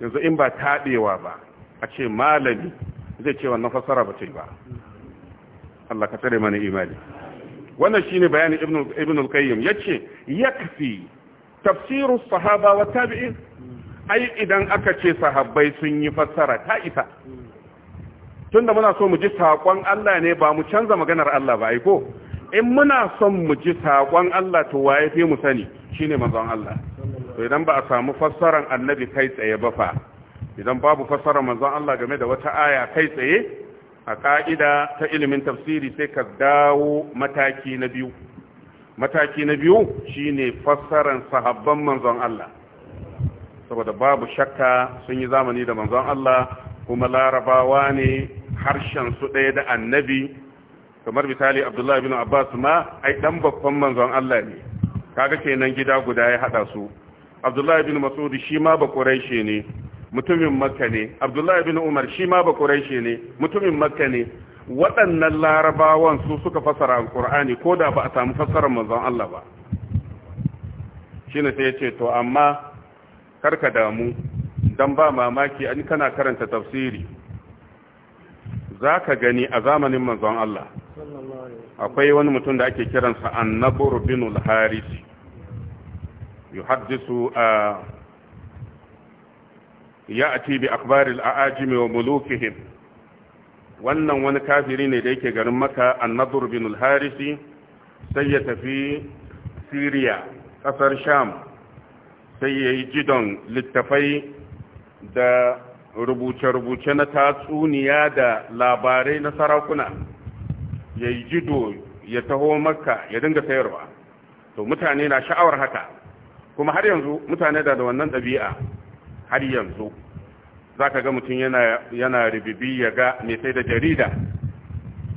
yanzu in ba taɗewa ba a ce malami zai ce wannan fassara ba ce ba Allah ka tare mana imani wannan shine bayanin ibn al-qayyim yace yakfi tafsiru sahaba wa tabi'in ai idan aka ce sahabbai sun yi fassara ta isa tunda muna so mu ji saƙon Allah ne ba mu canza maganar Allah ba aiko in muna son mu ji saƙon Allah to waye fi mu sani shine manzon Allah to idan ba a samu fassaran annabi kai tsaye ba fa idan babu fassarar manzon Allah game da wata aya kai tsaye a ka'ida ta ilimin tafsiri sai ka dawo mataki na biyu mataki na biyu shine fassaran sahabban manzon Allah saboda babu shakka sun yi zamani da manzon Allah kuma larabawa ne harshen su ɗaya da annabi kamar misali abdullahi bin abbas ma ai dan babban manzon Allah ne kaga kenan gida guda ya hada su abdullahi bin masudi shi ma ba quraishi ne mutumin makka ne abdullahi bin umar shi ma ba quraishi ne mutumin makka ne waɗannan larabawan su suka fasara Alƙur'ani ko da ba a samu fassarar manzon Allah ba shine sai ya ce to amma karka damu don ba mamaki an kana karanta tafsiri za ka gani a zamanin manzon Allah akwai wani mutum da ake kiransa annabur binul harisi haddisu a a bi akhbaril aajimi wa mulukihim wannan wani kafiri ne da yake garin maka annabur binul harisi sai ya tafi siriya ƙasar sham sai ya yi jidon littafai da rubuce-rubuce na tatsuniya da labarai na sarakuna ya yi jido ya taho makka ya dinga sayarwa to mutane na sha'awar haka kuma har yanzu mutane da da wannan ɗabi'a har yanzu za ka ga mutum yana ribibi ya ga mai sai da jarida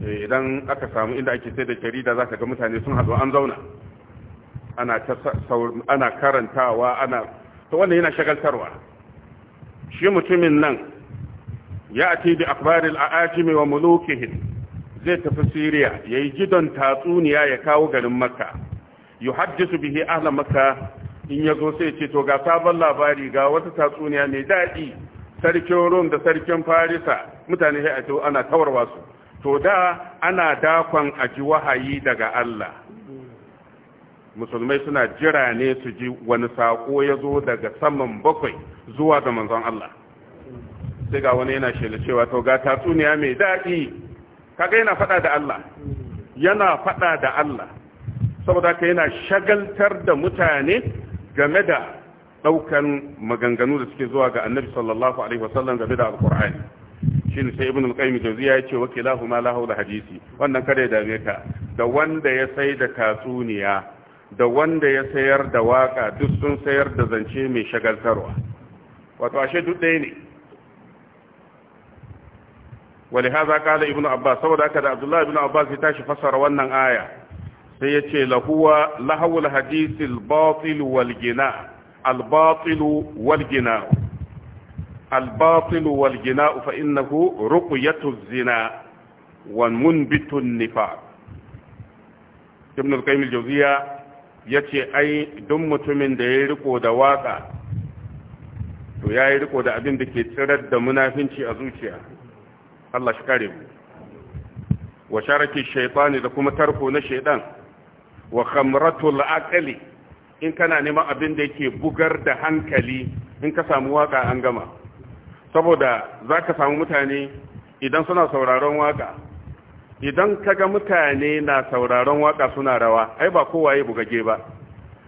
eh, idan aka samu inda ake sai da jarida za ka ga mutane sun hazo an zauna ana karantawa ana to wannan yana shagaltarwa shi mutumin nan ya ati bi akbaril aajimi wa mulukihim zai tafi ya yayi gidan tatsuniya ya kawo garin Makka yuhaddisu bihi ahla Makka in ya zo sai ce to ga sabon labari ga wata tatsuniya mai daɗi, sarkin Rom da sarkin Farisa mutane sai a ce ana tawarwa su to da ana dakon aji wahayi daga Allah musulmai suna jira ne su ji wani sako ya zo daga saman bakwai zuwa ga manzon Allah sai ga wani yana shela cewa to ga tatsuniya mai daɗi kaga yana faɗa da Allah yana faɗa da Allah saboda ka yana shagaltar da mutane game da ɗaukan maganganu da suke zuwa ga annabi sallallahu alaihi wasallam game da alkur'ani shine sai ibn al-qayyim jawziya yace wa kilahu ma lahu hadisi wannan kare da ka da wanda ya sai da tatsuniya da wanda ya sayar da waka duk sun sayar da zance mai shagaltarwa wato ashe duk ɗaya ne wani haza kala ibn abbas saboda haka da abdullahi ibn abbas ya tashi fasara wannan aya sai ya ce lahuwa lahawul hadisil batil wal gina al batil wal gina al wal gina fa innahu ruqyatu zina wa munbitu nifaq ibn al-qayyim al ya ce ai duk mutumin da ya riko da waka to ya yi riko da abin da ke tsirar da munafinci a zuciya Allah shi kare mu wa sharaki shaitani da kuma tarko na shaydan wa khamratul aqli in kana neman abin da yake bugar da hankali in ka samu waka an gama saboda zaka samu mutane idan suna sauraron waka idan kaga mutane na sauraron waka suna rawa ai ba kowa ya bugage ba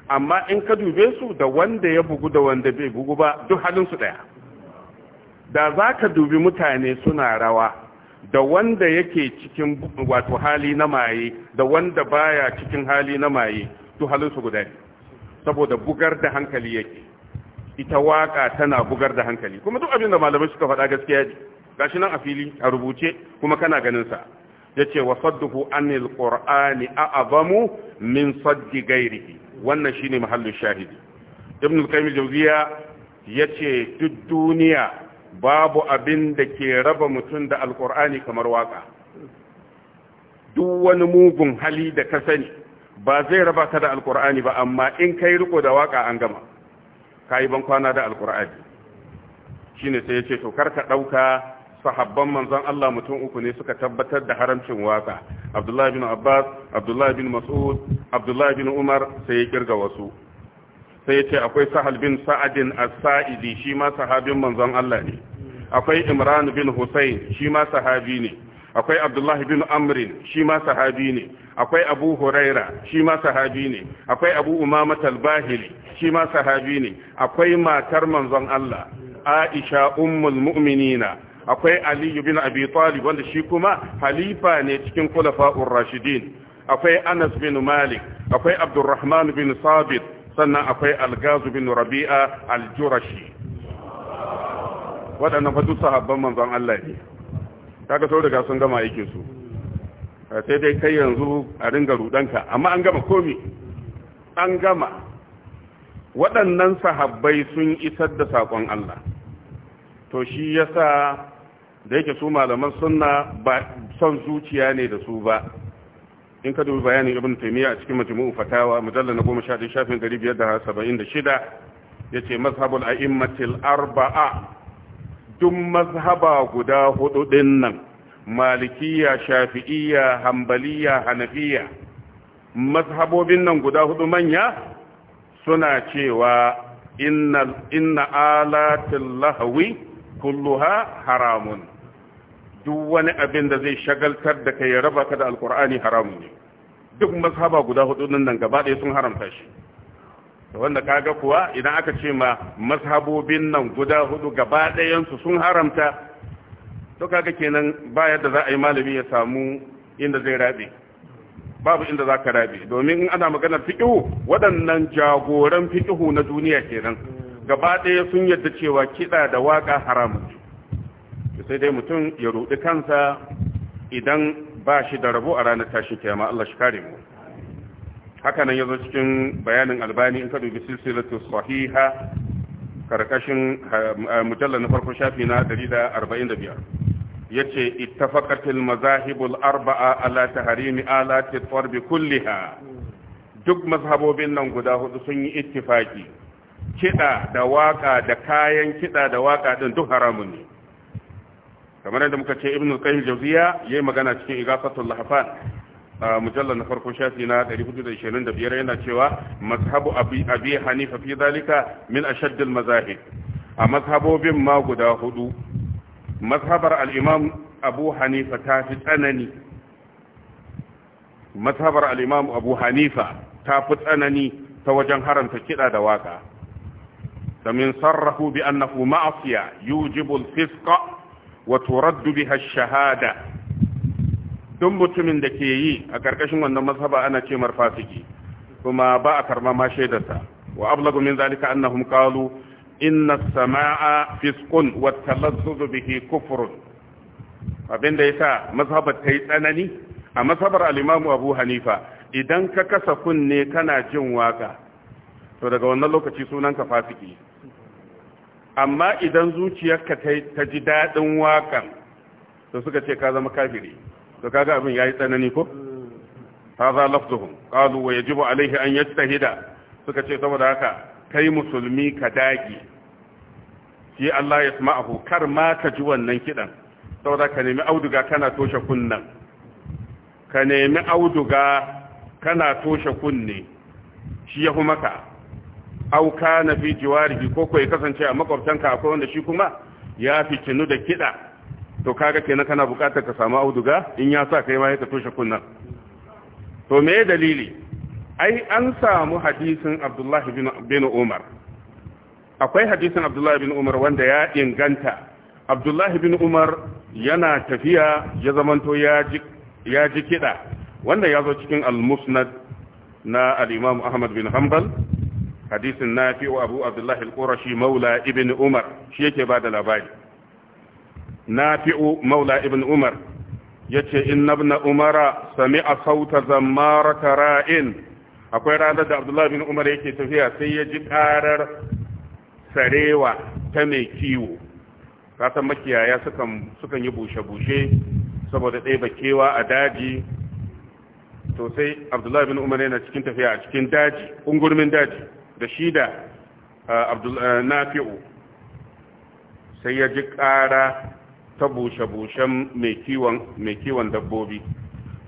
amma in ka dube su da wanda ya bugu da wanda bai bugu ba duk halin su daya da za ka dubi mutane suna rawa da wanda yake cikin wato hali na maye da wanda baya cikin hali na maye duk halin su guda saboda bugar da hankali yake ita waka tana bugar da hankali kuma duk abin da malamai suka faɗa gaskiya ne gashi nan a fili a rubuce kuma kana ganin sa yace wa sadduhu anil qur'ani a'zamu min saddi ghairihi wannan shine mahallin shahidi ibn al-qayyim jawziya yace duk duniya babu abin da ke raba mutum da alqur'ani kamar waka duk wani mugun hali da ka sani ba zai raba ka da alqur'ani ba amma in kai riko da waka an gama kai ban kwana da alqur'ani shine sai yace to kar ka ɗauka. sahabban manzon Allah mutum uku ne suka tabbatar da haramcin waka Abdullahi bin Abbas Abdullahi bin Mas'ud Abdullahi bin Umar sai ya kirga wasu sai ya ce akwai Sahal bin Sa'adin As-Sa'idi shi ma sahabin manzan Allah ne akwai Imran bin Husayn shi ma sahabi ne akwai Abdullahi bin Amr shi ma sahabi ne akwai Abu Huraira shi ma sahabi ne akwai Abu Umama al shi ma sahabi ne akwai matar manzon Allah Aisha ummul mu'minina akwai aliyu bin abi talib wanda shi kuma halifa ne cikin kulafa'ur rashidin akwai anas bin malik akwai abdurrahman bin sabit sannan akwai algazu bin rabi'a aljurashi waɗannan fa duk sahabban manzon Allah ne kaga sau daga sun gama aikin su eh, sai dai kai yanzu a ringa rudanka amma an gama komi an gama waɗannan sahabbai sun isar da saƙon Allah to shi yasa da yake su malaman sunna ba son zuciya ne da su ba in ka dubi bayanin ibn taymiya a cikin majmu'u fatawa mujallal na 11 shafin 576 yace mazhabul a'immatil arba'a duk mazhaba guda hudu din nan malikiya shafi'iyya hanbaliya hanafiya mazhabobin nan guda hudu manya suna cewa inna inna alatil lahwi kulluha haramun duk wani abin da zai shagaltar da kai ya raba ka da alkur'ani haramun ne duk mazhaba guda hudu nan gaba ɗaya sun haramta shi wanda kaga kuwa idan aka ce ma mazhabobin nan guda hudu gaba ɗayansu sun haramta to kaga kenan ba yadda za a yi malami ya samu inda zai rabe babu inda za ka rabe domin in ana maganar fiƙihu waɗannan jagoran fiƙihu na duniya kenan gaba ɗaya sun yadda cewa kiɗa da waƙa haramun sai dai mutum ya rudi kansa idan ba shi da rabo a ranar tashin kiyama Allah shi kare mu haka nan yazo cikin bayanin albani in ka dubi silsilatu sahiha karkashin mujallal na farko shafi na 145 yace ittafaqatil mazahibul arba'a ala tahrimi alati tarb kulliha duk mazhabobin nan guda hudu sun yi ittifaki kida da waka da kayan kida da waka din duk haramun ne kamar yadda muka ce ibn al-qayyim jawziya yayi magana cikin igafatul lahfan mujallal na farko shafi na 425 yana cewa mazhabu abi abi hanifa fi dalika min ashadd al-mazahib a mazhabobin ma guda hudu mazhabar al-imam abu hanifa ta fi tsanani mazhabar al-imam abu hanifa ta fi tsanani ta wajen haranta kida da waka فمن صرفوا بأنه معصية يوجب الفسق Wato turaddu biha shahada duk mutumin da ke yi a ƙarƙashin wannan mazhaba ana ce fasiki kuma ba a karma ma shaidarsa wa ablagu min zalika annahum qalu inna as-sama'a fisqun wa talazzuz bihi kufrun abinda yasa mazhabar ta yi tsanani a mazhabar al-imam Abu Hanifa idan ka kasa kunne kana jin waka to daga wannan lokaci sunanka fasiki amma idan zuciyarka ta ji daɗin waƙan to suka ce ka zama kafiri to kaga abin yayi tsanani ko mm. hadha lafzuhum qalu wa yajibu alaihi an yajtahida suka ce saboda haka kai musulmi ka daƙi shi Allah ya sama'ahu kar ma ka ji wannan kiɗan saboda ka nemi auduga kana toshe kunnan ka nemi auduga kana toshe kunne shi ya fi maka Auka kana fi jiwarihi ko ko kasance a makwabtanka akwai wanda shi kuma ya fi fitinu da kida to kaga kenan kana bukatar ka samu auduga in ya sa kai ma ya toshe kunnan to me dalili ai an samu hadisin Abdullahi bin Umar akwai hadisin Abdullahi bin Umar wanda ya inganta Abdullahi bin Umar yana tafiya ya zamanto ya ji ya ji kida wanda ya zo cikin al-Musnad na al-Imam Ahmad bin Hanbal hadisin nafi'u abu abdullahi al-qurashi maula ibn umar shi yake ba da labari nafi'u maula ibn umar yace inna ibn umara sami'a sauta zammar kara'in akwai ranar da abdullahi ibn umar yake tafiya sai ya ji karar sarewa ta mai kiwo kasan makiyaya sukan sukan yi bushe-bushe saboda ɗaya bakewa a daji to sai abdullahi ibn umar yana cikin tafiya a cikin daji ungurmin daji da shi da uh, uh, nafi'u sai ya ji ƙara ta bushe-bushen mai kiwon dabbobi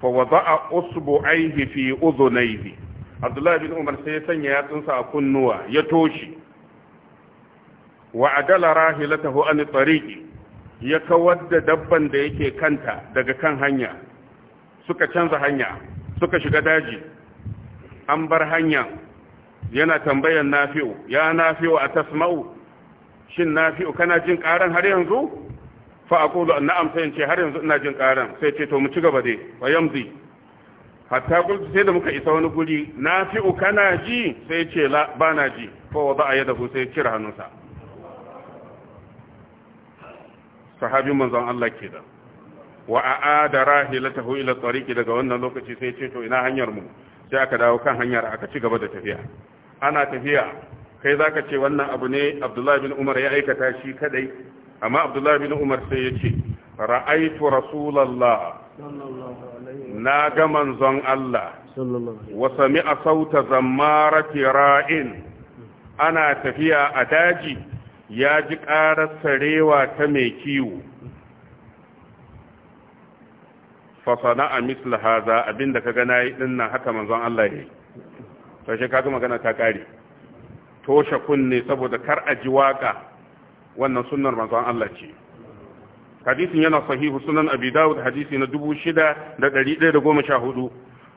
za a usbu aihi fi uzunaihi abdullahi bin umar sai ya sanya yatsunsa a kunnuwa ya toshi wa adala tafi an tsariki ya kawar da dabban da yake kanta daga kan hanya suka canza hanya suka shiga daji an bar hanya yana tambayan nafi'u ya nafi'u a tasma'u shin nafi'u kana jin karan har yanzu fa aqulu na'am sai in ce har yanzu ina jin karan sai ce to mu ci gaba dai wa yamzi hatta qultu sai da muka isa wani guri nafi'u kana ji sai ce la bana ji fa wada yadahu sai cire hannunsa sahabi manzon Allah da. wa a'ada rahilatahu ila tariqi daga wannan lokaci sai ce to ina hanyar mu sai aka dawo kan hanyar aka ci gaba da tafiya ana tafiya kai zaka ce wannan abu ne abdullahi bin umar ya aikata shi kadai amma abdullahi bin umar sai ya ce ra'aitu rasulallah na ga manzon Allah wa a sauta zammara ra'in ana tafiya a daji ya ji ƙarar sarewa ta mai kiwo fasana a misla haza abinda ka gana yi na haka manzon Allah ya yi karshe kaga magana ta kare toshe kunne saboda kar a ji waka wannan sunnar manzon Allah ce hadisin yana sahihu sunan abi dawud hadisi na 6114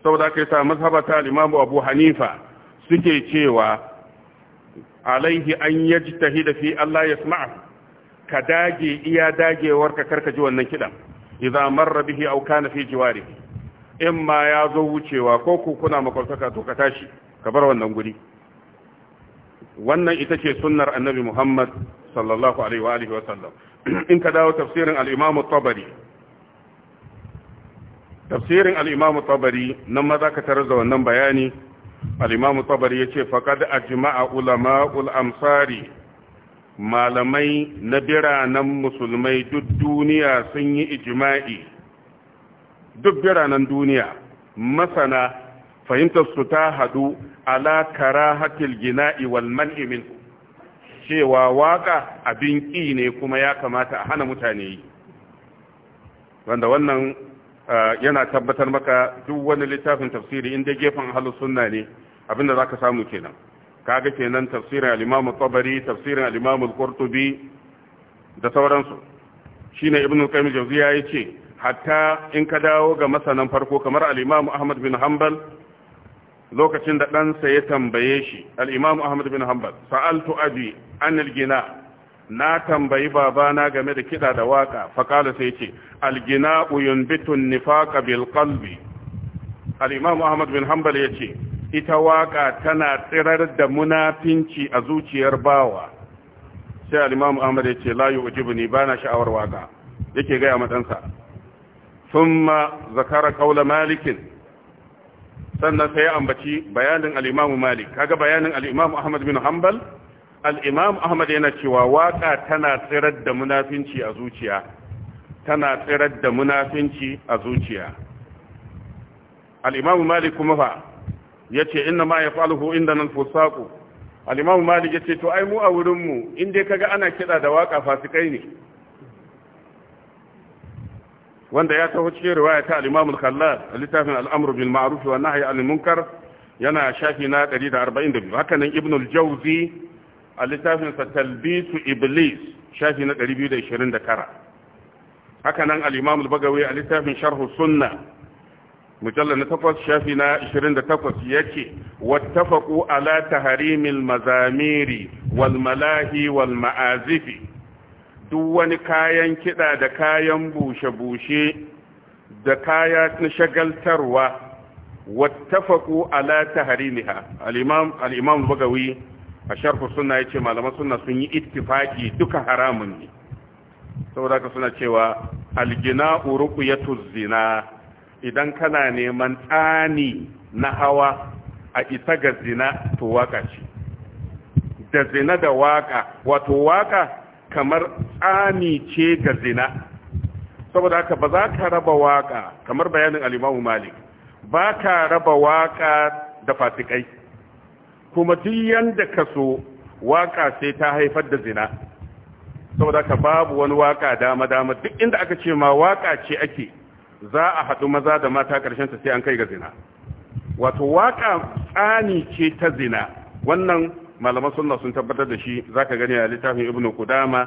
saboda kai sa mazhaba ta imamu abu hanifa suke cewa alaihi an yajtahida fi Allah yasma'a ka dage iya dagewar ka karka ji wannan kidan idza marra bihi aw kana fi jiwarihi imma ya zo wucewa ko ku kuna makwabtaka to ka tashi ka bar wannan guri wannan ita ce sunnar annabi muhammad sallallahu alaihi wa alihi in ka dawo tafsirin al'imamu tabari tafsirin al'imamu tabari nan ma za ka tarar da wannan bayani al'imamu tabari ya ce faƙad a jima'a ulama ul'amsari malamai na biranen musulmai duk duniya sun yi ijima'i duk biranen duniya masana fahimtar su ta hadu ala hatil gina wal man'i min cewa waka abin ƙi ne kuma ya kamata a hana mutane yi wanda wannan yana tabbatar maka duk wani littafin tafsiri inda gefen halin sunna ne abinda za ka samu kenan kaga kenan tafsirin al-imam tabari tafsirin al-imam al-qurtubi da sauransu shine ibnu qayyim jawziya ce hatta in ka dawo ga masanan farko kamar al ahmad bin hanbal lokacin da ɗansa ya tambaye shi al'imam ahmad bin hanbal sa'altu abi an gina na tambayi babana game da kiɗa da waka faƙala sai ce algina uyun bitun nifaƙa bil kalbi al'imam ahmad bin hanbal ya ce ita waƙa tana tsirar da munafinci a zuciyar bawa sai al'imam ahmad ya ce layu ujibu ni ba na sha'awar waka yake gaya matansa sun ma zakara kaula malikin sannan sai ya ambaci bayanin al'imamu imam Malik kaga bayanin al'imamu Ahmad bin Hanbal al'imamu Ahmad yana cewa waka tana tsirar da munafinci a zuciya tana tsirar da munafinci a zuciya al-Imam Malik kuma fa yace inna ma yaf'aluhu indana al-fusaqu al-Imam Malik yace to ai mu a wurinmu mu in dai kaga ana kiɗa da waka fasikai ne wanda ya taho cikin riwaya ta al-Imam al-Khallal littafin al-Amr bil Ma'ruf wa Nahy anil Munkar yana shafi na 142 haka nan Ibn al-Jawzi a littafin sa Talbisu Iblis shafi na 229 haka nan al-Imam al-Bagawi a littafin Sharh Sunna mujallal na 8 shafi na 28 yace wattafaqu ala tahrimil mazamiri wal malahi wal ma'azifi duk wani kayan kiɗa da kayan bushe-bushe da kaya na shagaltarwa wattafaku ala tahrimiha al-imam al-imam bagawi a sharh sunna yace malaman sunna sun yi ittifaki duka haramun ne saboda ka suna cewa al-gina'u ruqyatu zina idan kana neman tsani na hawa a isa ga zina to waka ce da zina da waka wato waka kamar tsami ce ga zina saboda haka ba za ka raba waka kamar bayanin alimamu malik ba ka raba waka da fasikai kuma duk yanda ka so waka sai ta haifar da zina saboda haka babu wani waka dama dama duk inda aka ce ma waka ce ake za a haɗu maza da mata ƙarshen ta sai an kai ga zina wato waka tsani ce ta zina wannan malaman suna sun tabbatar da shi zaka gani a littafin ibnu kudama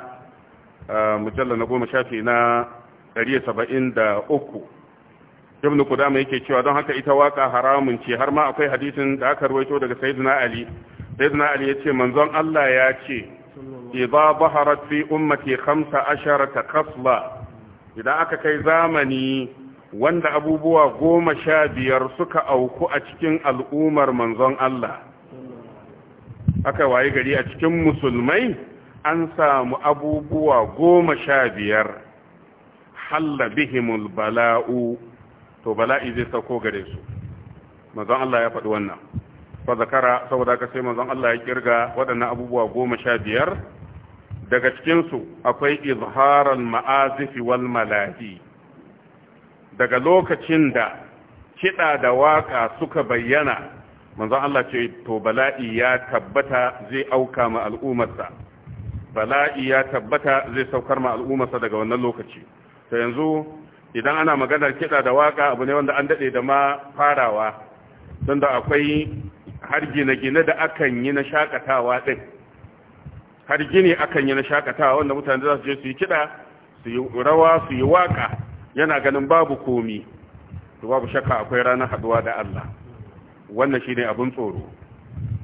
mujalla na goma shafi na 173 ibnu qudama yake cewa don haka ita waka haramun ce har ma akwai hadisin da aka ruwaito daga sayyidina ali sayyidina ali yace manzon Allah ya ce idza baharat fi ummati 15 khasla idan aka kai zamani wanda abubuwa goma sha biyar suka auku a cikin al'umar manzon Allah aka waye gari a cikin musulmai an samu abubuwa goma sha biyar halla bihimul bala'u to bala'i zai sauko gare su mazan Allah ya faɗi wannan fa zakara saboda ka sai mazan Allah ya kirga waɗannan abubuwa goma sha biyar daga cikinsu akwai izharar ma'azifi wal malahi daga lokacin da kiɗa da waƙa suka bayyana manzon Allah ce to bala'i ya tabbata zai auka ma al'ummarsa bala'i ya tabbata zai saukar ma al'ummarsa daga wannan lokaci to yanzu idan ana maganar kiɗa da waka abu ne wanda an daɗe da ma farawa don da akwai har gine-gine da akan yi na shakatawa ɗin har gini akan yi na shakatawa wanda mutane za su je su yi kiɗa su yi rawa su yi waka yana ganin babu komi to babu shakka akwai ranar haɗuwa da Allah wannan shi ne abin tsoro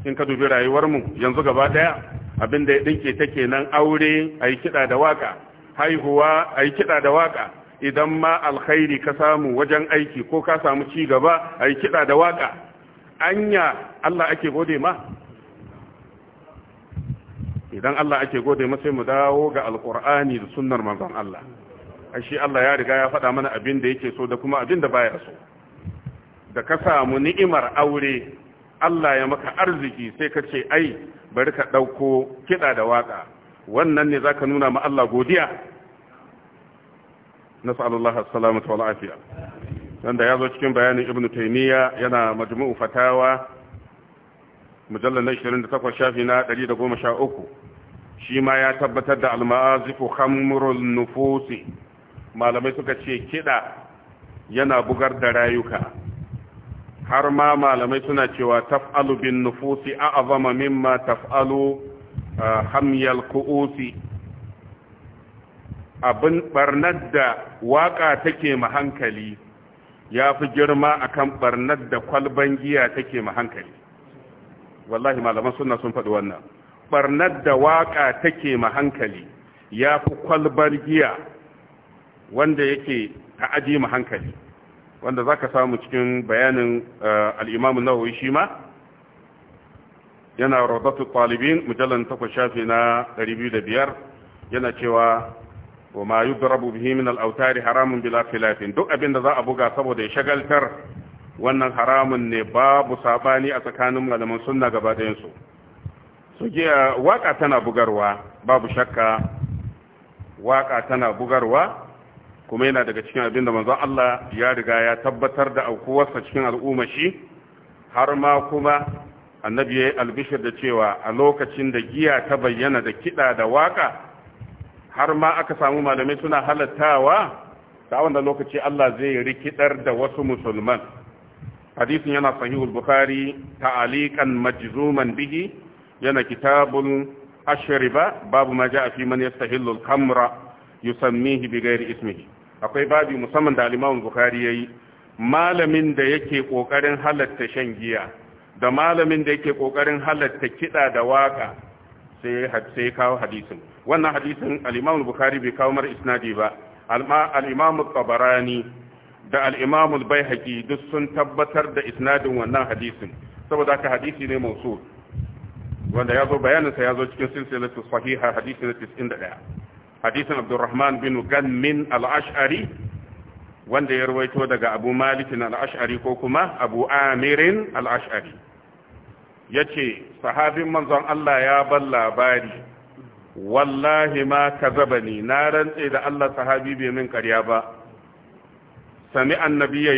in ka dubi rayuwarmu yanzu gaba daya abin da ya dinke ta kenan aure a yi kiɗa da waka haihuwa a yi kiɗa da waka idan ma alkhairi ka samu wajen aiki ko ka samu ci gaba a yi kiɗa da waka anya Allah ake gode ma idan Allah ake gode ma sai mu dawo ga Alƙur'ani da sunnar manzon Allah shi Allah ya riga ya faɗa mana abin da yake so da kuma abin da baya so da ka samu ni'imar aure Allah ya maka arziki sai ka ce ai bari ka ɗauko kiɗa da waƙa wannan ne za ka nuna ma Allah godiya Na nas'alullah as-salamata wal afiya wanda ya zo cikin bayanin ibnu taymiya yana majmu'u fatawa mujallar na 28 shafi na 113 shi ma ya tabbatar da al-ma'azifu khamrul nufusi malamai suka ce kiɗa yana bugar da rayuka har ma malamai suna cewa taf'alu bin nufusi a'azama mimma taf'alu uh, hamyal ku'usi abin barnar da waka take ma hankali ya fi girma akan barnar da kwalban giya take ma hankali wallahi malaman suna sun faɗi wannan barnar da waka take ma hankali ya fi kwalbar giya wanda yake ta aji ma hankali wanda zaka samu cikin bayanin al na an shi ma yana rawdatu talibin mujallar takwas, shafi na 205 yana cewa wa ma yudrabu bihi min al haramun bila khilafin duk abinda za a buga saboda ya shagaltar wannan haramun ne babu sabani a tsakanin malaman sunna gaba ɗayan su so waka tana bugarwa babu shakka waka tana bugarwa kuma yana daga cikin abin da manzon Allah ya riga ya tabbatar da aukuwarsa cikin al'umma shi har ma kuma annabi ya yi albishir da cewa a lokacin da giya ta bayyana da kiɗa da waƙa har ma aka samu malamai suna halattawa ta wanda lokaci Allah zai rikidar da wasu musulman hadisin yana sahihul bukhari ta'aliqan majzuman bihi yana kitabul ashriba babu ma ja'a fi man yastahillu al-khamra yusammihi bighairi ismihi akwai babi musamman da alimamin bukari ya yi malamin da yake ƙoƙarin halatta shan giya da malamin da yake kokarin halatta kiɗa da waƙa sai ya kawo hadisin wannan hadisin alimamin bukari bai kawo mara isnadi ba al'imamun tabarani da al'imamun bai haƙi duk sun tabbatar da isnadin wannan hadisin saboda haka hadisi ne mausul wanda ya zo bayaninsa ya zo cikin silsilatu sahiha hadisi na 91 hadisin abdurrahman bin ganmin al'ash'ari wanda ya rawaito daga abu malikin al'ash'ari ko kuma abu amirin al'ash'ari ya ce sahabin manzon Allah ya ban labari wallahi ma ka zaba ni na rantse da Allah sahabi bai min karya ba sami annabi ya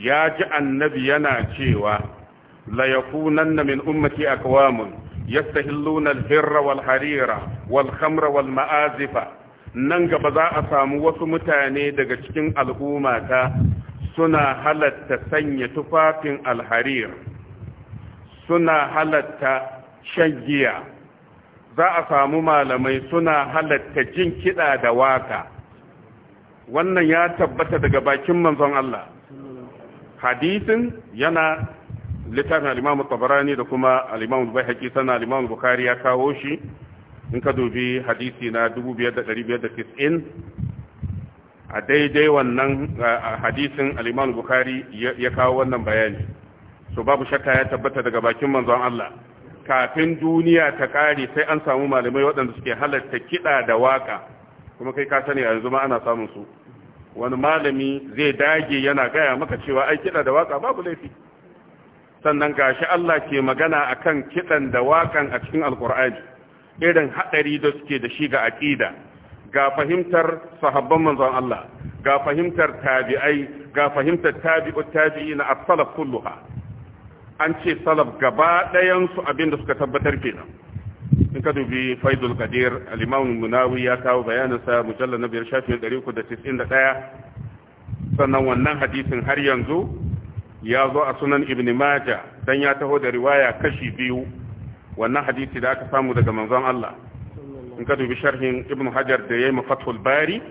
ya ji annabi yana cewa la yakunanna min ummati akwamun يستهلون الهر والحريرة والخمر Ma'azifa. nan gaba za a samu wasu mutane daga cikin al'ummata suna halatta sanya tufafin alharir suna halatta shan giya za a samu malamai suna halatta jin kiɗa da waƙa. wannan ya tabbata daga bakin manzon Allah hadisin yana littafin al tabarani da kuma al bai haƙi sana al bukari ya kawo shi in ka dubi hadisi na 2590 a daidai wannan hadisin al bukari ya kawo wannan bayani so babu shakka ya tabbata daga bakin manzon Allah kafin duniya ta kare sai an samu malamai waɗanda suke halarta kiɗa da waƙa, kuma kai ka sani yanzu ma ana samun su wani malami zai dage yana gaya maka cewa ai kiɗa da waka babu laifi sannan gashi Allah ke magana akan kidan da wakan a cikin alkur'ani irin hadari da suke da shi ga aƙida, ga fahimtar sahabban manzon Allah ga fahimtar tabi'ai ga fahimtar tabi'ut tabi'ina as-salaf kulluha an ce salaf gaba ɗayan su abinda suka tabbatar kenan in ka dubi faidul qadir al-imam munawi ya kawo bayanin sa mujallal na biyar shafi 391 sannan wannan hadisin har yanzu ya zo a sunan ibn maja dan ya taho da riwaya kashi biyu wannan hadisi da aka samu daga manzon Allah in ka dubi sharhin ibn hajar da yayi mafathul bari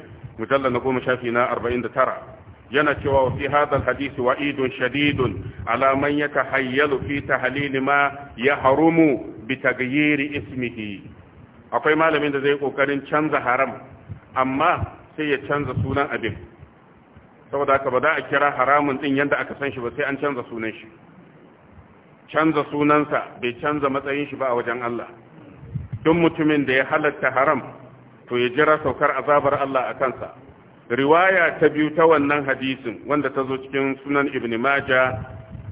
mujallal na goma shafi na 49 yana cewa wa fi hadha alhadith wa'idun shadidun ala man yatahayyalu fi tahlil ma yahrumu bi taghyiri ismihi akwai malamin da zai kokarin canza haram amma sai ya canza sunan abin saboda haka ba za a kira haramun din yadda aka san shi ba sai an canza sunan shi canza sunansa bai canza matsayin shi ba a wajen Allah duk mutumin da ya halatta haram to ya jira saukar azabar Allah a kansa riwaya ta biyu ta wannan hadisin wanda ta zo cikin sunan ibn maja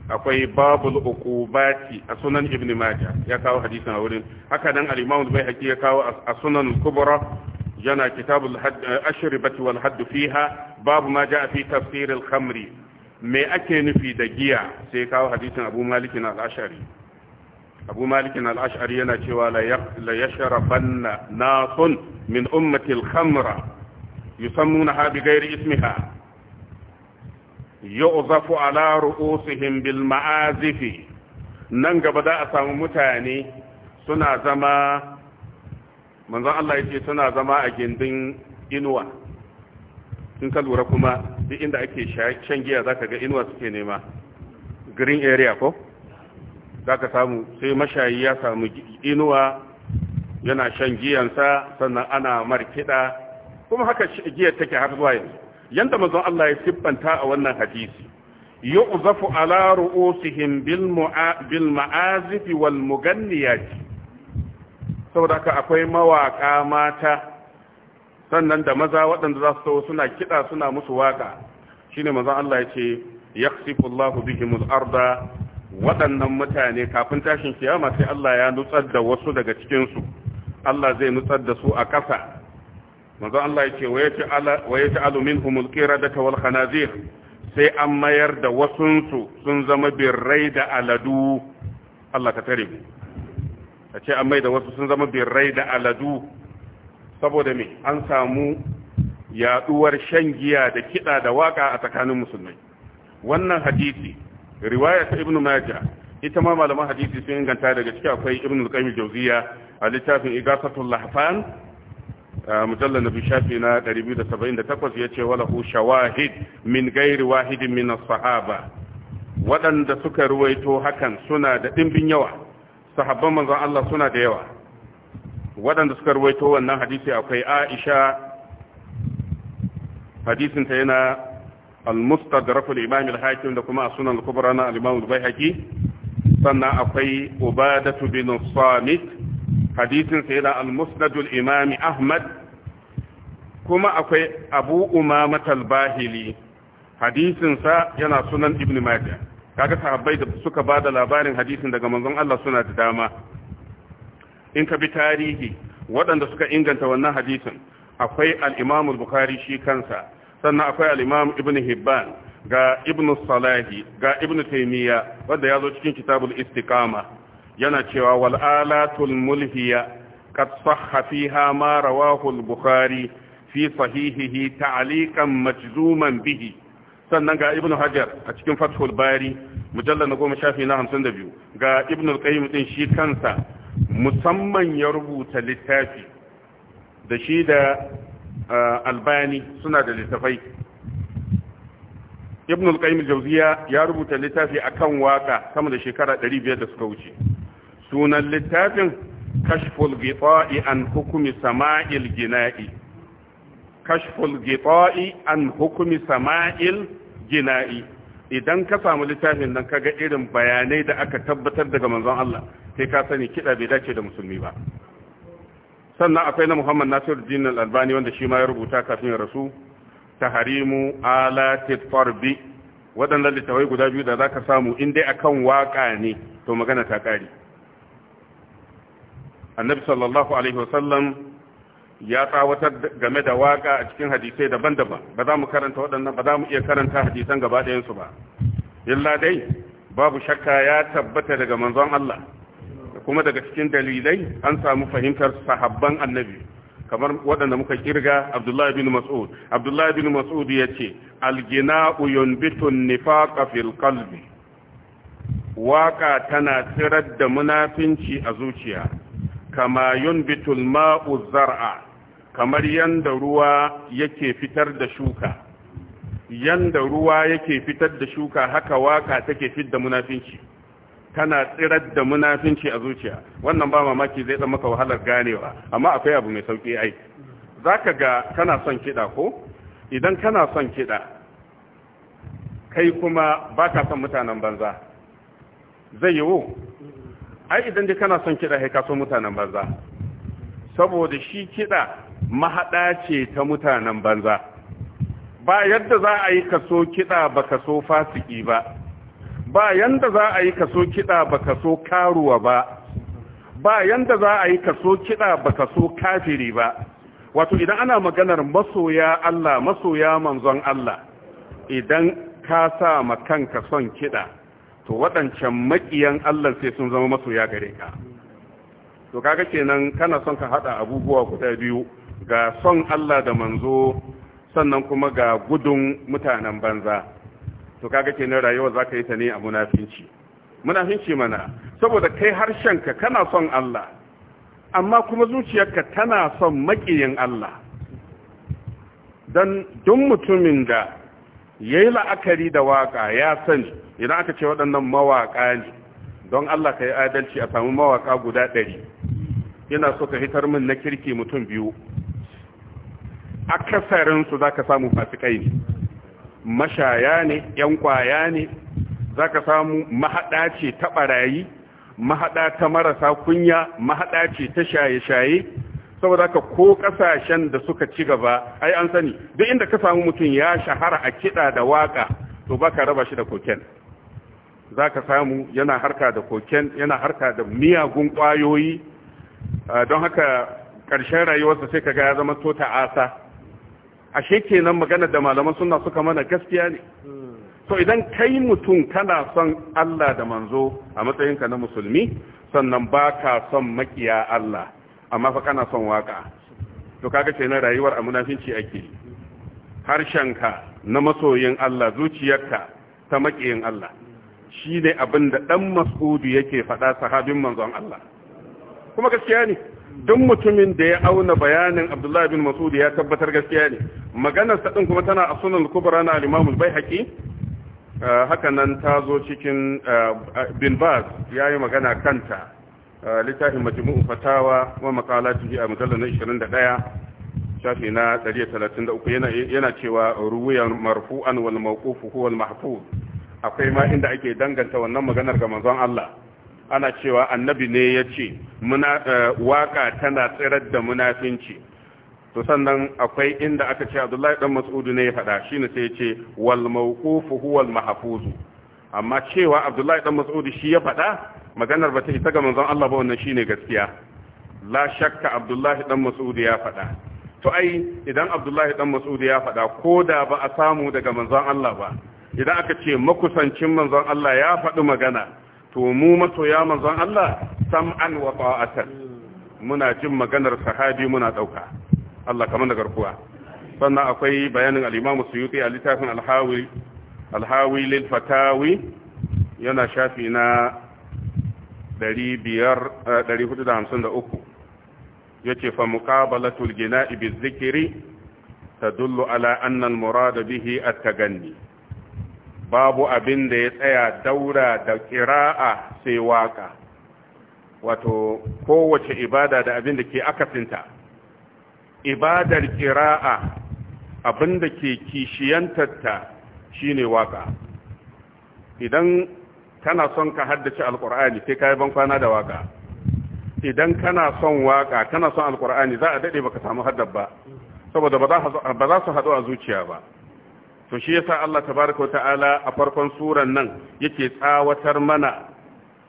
akwai babul uqubati a sunan ibn maja ya kawo hadisin a wurin haka nan al-imam al bayhaqi ya kawo a sunan kubra جنى كتاب الحد أشربة والحد فيها باب ما جاء في تفسير الخمر مي أكن في دجيا سيكاو حديث أبو مالك الأشعري أبو مالك الأشعري ينا لا ليشربن ناس من أمة الخمر يسمونها بغير اسمها يؤظف على رؤوسهم بالمعازف ننقب دأسا متاني سنا زمان manzon Allah ce suna zama a gindin inuwa in ka lura kuma duk inda ake shan giya zaka ga inuwa suke nema green area ko zaka samu sai mashayi ya samu inuwa yana shan giyansa sannan ana markida kuma haka giyar take har zuwa yanzu yanda manzon Allah ya siffanta a wannan hadisi yu'zafu ala ru'usihim bil ma'azifi wal muganniyati saboda ka akwai mawaka mata sannan da maza waɗanda za su so suna kiɗa suna musu waka shine maza Allah ya ce yaqsifullahu bihimul arda waɗannan mutane kafin tashin kiyama sai Allah ya nutsar da wasu daga cikinsu Allah zai nutsar da su a ƙasa maza Allah ya ce wa ya ta'alu minhum alqiradata wal khanazir sai an mayar da wasunsu sun zama birrai da aladu Allah ka tare mu a ce an da wasu sun zama birrai da aladu saboda me an samu yaduwar shan giya da kiɗa da waka a tsakanin musulmai wannan hadisi riwaya ta ibnu majah ita ma malaman hadisi sun inganta daga ciki akwai ibnu qayyim jawziya a littafin igasatul lahfan mujallal nabi shafi na 278 yace walahu shawahid min ghairi wahidin min as-sahaba waɗanda suka ruwaito hakan suna da dimbin yawa sahabban manzon Allah suna da yawa waɗanda suka ruwaito wannan hadisi akwai Aisha hadisin ta yana al-mustadrak al-imam al-hakim da kuma sunan al-kubra na al-imam al-baihaqi sannan akwai ubadatu bin samit hadisin sa yana al-musnad al-imam ahmad kuma akwai abu umama al-bahili hadisin sa yana sunan ibn majah kaga sahabbai da suka ba da labarin hadisin daga manzon Allah suna da dama in ka bi tarihi waɗanda suka inganta wannan hadisin akwai al-Imam al-Bukhari shi kansa sannan akwai al-Imam Ibn Hibban ga Ibn Salahi ga Ibn Taymiyyah wanda yazo cikin kitabul Istiqama yana cewa wal alatul mulhiya qad sahha fiha ma rawahu al-Bukhari fi sahihihi ta'liqan majzuman bihi sannan ga ibnu hajar a cikin fathul bari mujallar na goma shafi na hamsin da biyu ga ibnu al-qayyim din shi kansa musamman ya rubuta littafi da shi da albani suna da littafai ibnu al-qayyim jawziya ya rubuta littafi akan waka sama da shekara 500 da suka wuce sunan littafin kashful ghita'i an hukmi sama'il jina'i kashful gita'i an hukumi sama'il jina'i idan ka samu littafin nan kaga irin bayanai da aka tabbatar daga manzon Allah sai ka sani kida bai dace da musulmi ba sannan akwai na Muhammad Nasiru Din Al-Albani wanda shi ma ya rubuta kafin ya rasu taharimu ala tifarbi waɗannan littafai guda biyu da zaka samu in dai akan waka ne to magana ta kare annabi sallallahu alaihi wasallam ya tawatar game da waka a cikin hadisai daban-daban ba za mu karanta waɗannan ba za mu iya karanta hadisan gaba ɗayansu ba illa dai babu shakka ya tabbata daga manzon Allah kuma daga cikin dalilai an samu fahimtar sahabban annabi kamar waɗanda muka kirga Abdullahi bin Mas'ud Abdullahi bin Mas'ud ya al-gina'u yunbitu bitun nifaqa fil qalbi waka tana tsirar da munafinci a zuciya kama yunbitu al-ma'u zar'a kamar yanda ruwa yake fitar da shuka yanda ruwa yake fitar da shuka haka waka take fidda da munafinci tana tsirar da munafinci a zuciya wannan ba mamaki zai dan maka wahalar ganewa amma akwai abu mai sauki ai zaka ga kana son kida ko idan kana son kida kai kuma baka son mutanen banza zai yiwu ai idan dai kana son kida kai ka son mutanen banza saboda shi kiɗa. mahaɗa ce ta mutanen banza ba yadda za a yi kaso kiɗa ba kaso fasiki ba ba yadda za a yi kaso kiɗa ba kaso karuwa ba ba yadda za a yi kaso kiɗa ba kaso kafiri ba wato idan ana maganar masoya Allah masoya manzon Allah idan ka sa ma kanka son kiɗa to waɗancan maƙiyan Allah sai sun zama masoya gare ka to kaga kenan kana son ka haɗa abubuwa guda biyu ga son Allah da manzo sannan kuma ga gudun mutanen banza to kaga kenan rayuwa zaka yi ta ne a munafinci munafinci mana saboda kai harshen ka, kana son Allah amma kuma zuciyarka tana son makiyin Allah dan duk mutumin da yayi la'akari da waka ya sani idan aka ce waɗannan mawaka ne don Allah kai adalci a samu mawaka guda ɗari yana so ka hitar min na kirki mutum biyu a akasarinsu za ka samu fasikai ne mashaya ne yan kwaya ne za ka samu mahaɗa ce ta ɓarayi mahaɗa ta marasa kunya mahaɗa ce ta shaye-shaye saboda ka ko ƙasashen da suka ci gaba ai an sani duk inda ka samu mutum ya shahara a kiɗa da waƙa to ba ka raba shi da koken za ka samu yana harka da koken yana harka da miyagun ƙwayoyi don haka ƙarshen rayuwarsa sai ka ya zama cota asa ashe kenan magana da malaman suna suka mana gaskiya ne to idan kai mutum kana son Allah da manzo a matsayinka na musulmi sannan ba ka son makiya Allah amma fa kana son waka to kaga ce na rayuwar a munafinci ake ka na masoyin Allah zuciyarka ta makiyin Allah shine abin da dan mas'udu yake faɗa sahabin manzon Allah kuma gaskiya ne duk mutumin da ya auna bayanin abdullahi bin Mas'ud ya tabbatar gaskiya ne maganar ɗin kuma tana a sunan kubra na al-Imam al-Baihaqi eh, haka nan ta zo cikin eh, bin Baz yayi magana kanta eh, littafin majmu'u fatawa wa maqalatihi a mujallal 21 shafi na 133 yana yana cewa ruwiyan marfu'an wal mawqufu huwa al mahfuz akwai ma inda ake danganta wannan maganar ga manzon Allah ana cewa annabi ne ya ce eh, waka tana tsirar da munafinci to sannan akwai inda aka ce abdullahi dan mas'udu ne ya faɗa shine sai ya ce wal mawqufu huwa al mahfuzu amma cewa abdullahi dan mas'udu shi ya faɗa maganar ba ta isa ga manzon Allah ba wannan shine gaskiya la shakka abdullahi dan mas'udu ya faɗa to ai idan abdullahi dan mas'udu ya faɗa ko da ba a samu daga manzon Allah ba idan aka ce makusancin manzon Allah ya faɗi magana to mu masoya manzon Allah sam'an wa ta'atan muna jin maganar sahabi muna dauka Allah kaman da garkuwa sannan akwai bayanin al-Imam Suyuti a littafin al-Hawi al-Hawi lil Fatawi yana shafi na 453 eh, yace fa muqabalatul jina'i bizikri tadullu ala anna al-murad bihi at-taganni babu abin da ya tsaya daura da kira'a sai waka wato kowace ibada da abin da ke akasinta ibadar ƙira'a abin da ke kishiyantarta shine waka idan kana son ka haddace alƙur'ani sai ka yi bankwana da waka idan kana son waka kana son alƙur'ani za a daɗe baka samu haddar ba saboda ba za su haɗu a zuciya ba to shi yasa Allah tabaraka ta'ala a farkon suran nan yake tsawatar mana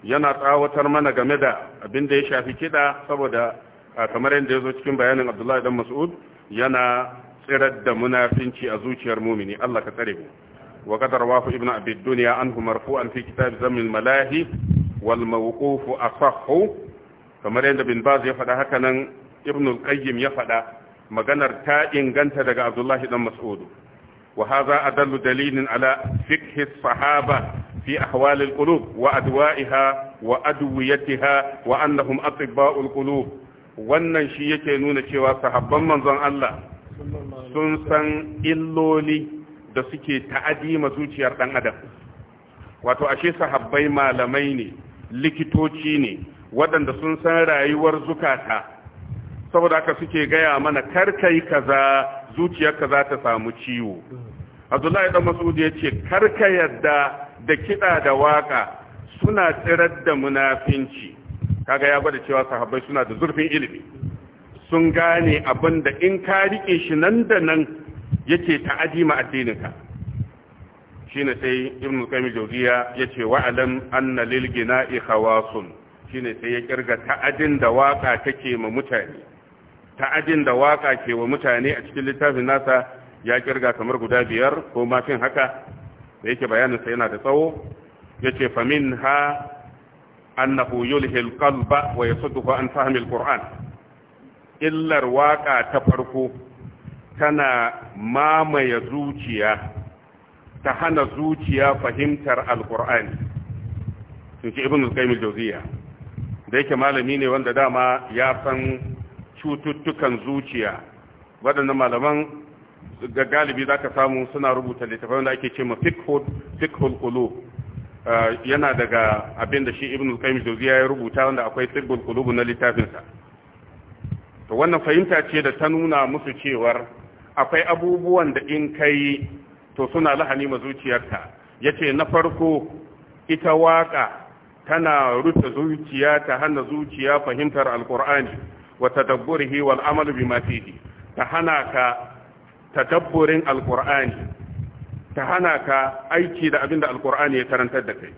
yana tsawatar mana game da abin da ya shafi kiɗa saboda kamar yadda ya zo cikin bayanin Abdullahi dan Mas'ud yana tsirar da munafinci a zuciyar mumini Allah ka tsare mu wa qadar wafu ibnu abi dunya anhu marfu'an fi kitab zammil malahi wal mawquf asahhu kamar yadda bin Baz ya faɗa haka nan ibnu al-qayyim ya faɗa maganar ta inganta daga Abdullahi dan Mas'ud وهذا أدل دليل على فقه الصحابة في أحوال القلوب وأدوائها وأدويتها وأنهم أطباء القلوب wannan shi yake nuna cewa sahabban manzon Allah sun san illoli da suke ta'adi ma zuciyar dan adam wato ashe sahabbai malamai ne likitoci ne waɗanda sun san rayuwar zukata saboda haka suke gaya mana karkai kaza zuciyarka za ta samu ciwo abdullahi ɗan mas'ud ya ce karka yadda da kiɗa da waƙa suna tsirar da munafinci kaga ya gwada cewa sahabbai suna da zurfin ilimi sun gane abin da in ka riƙe shi nan da nan yake ta'adi ma addininka ne sai ibnu qayyim jawziya yace wa alam anna lil sun? Shi ne sai ya ƙirga, ta'adin da waka take ma mutane ta'adin da waka ke wa mutane a cikin littafin nasa ya kirga kamar guda biyar ko mafin haka da yake bayaninsa yana da tsawo ya ce famin ha annahu yulhil qalba wa yasudduhu an fahmi alquran illar waka ta farko tana mamaye zuciya ta hana zuciya fahimtar alqur'ani sun ce ibn al-qayyim al-jawziya da yake malami ne wanda dama ya san cututtukan zuciya waɗannan malaman ga galibi za ka samu suna rubuta littafin da ake ce ma fikhul kulu uh, yana daga abin da shi ibn al ya rubuta wanda akwai fikhul kulu na littafinsa to wannan fahimta ce da ta nuna musu cewar akwai abubuwan da in kai to suna lahani ma zuciyarka Ya ce na farko ita waka tana rufe zuciya ta hana zuciya fahimtar alkur'ani wa tadabburihi wal amalu bima fihi ta hana ka tadabburin alqur'ani ta hana ka aiki da abinda alqur'ani ya karantar da kai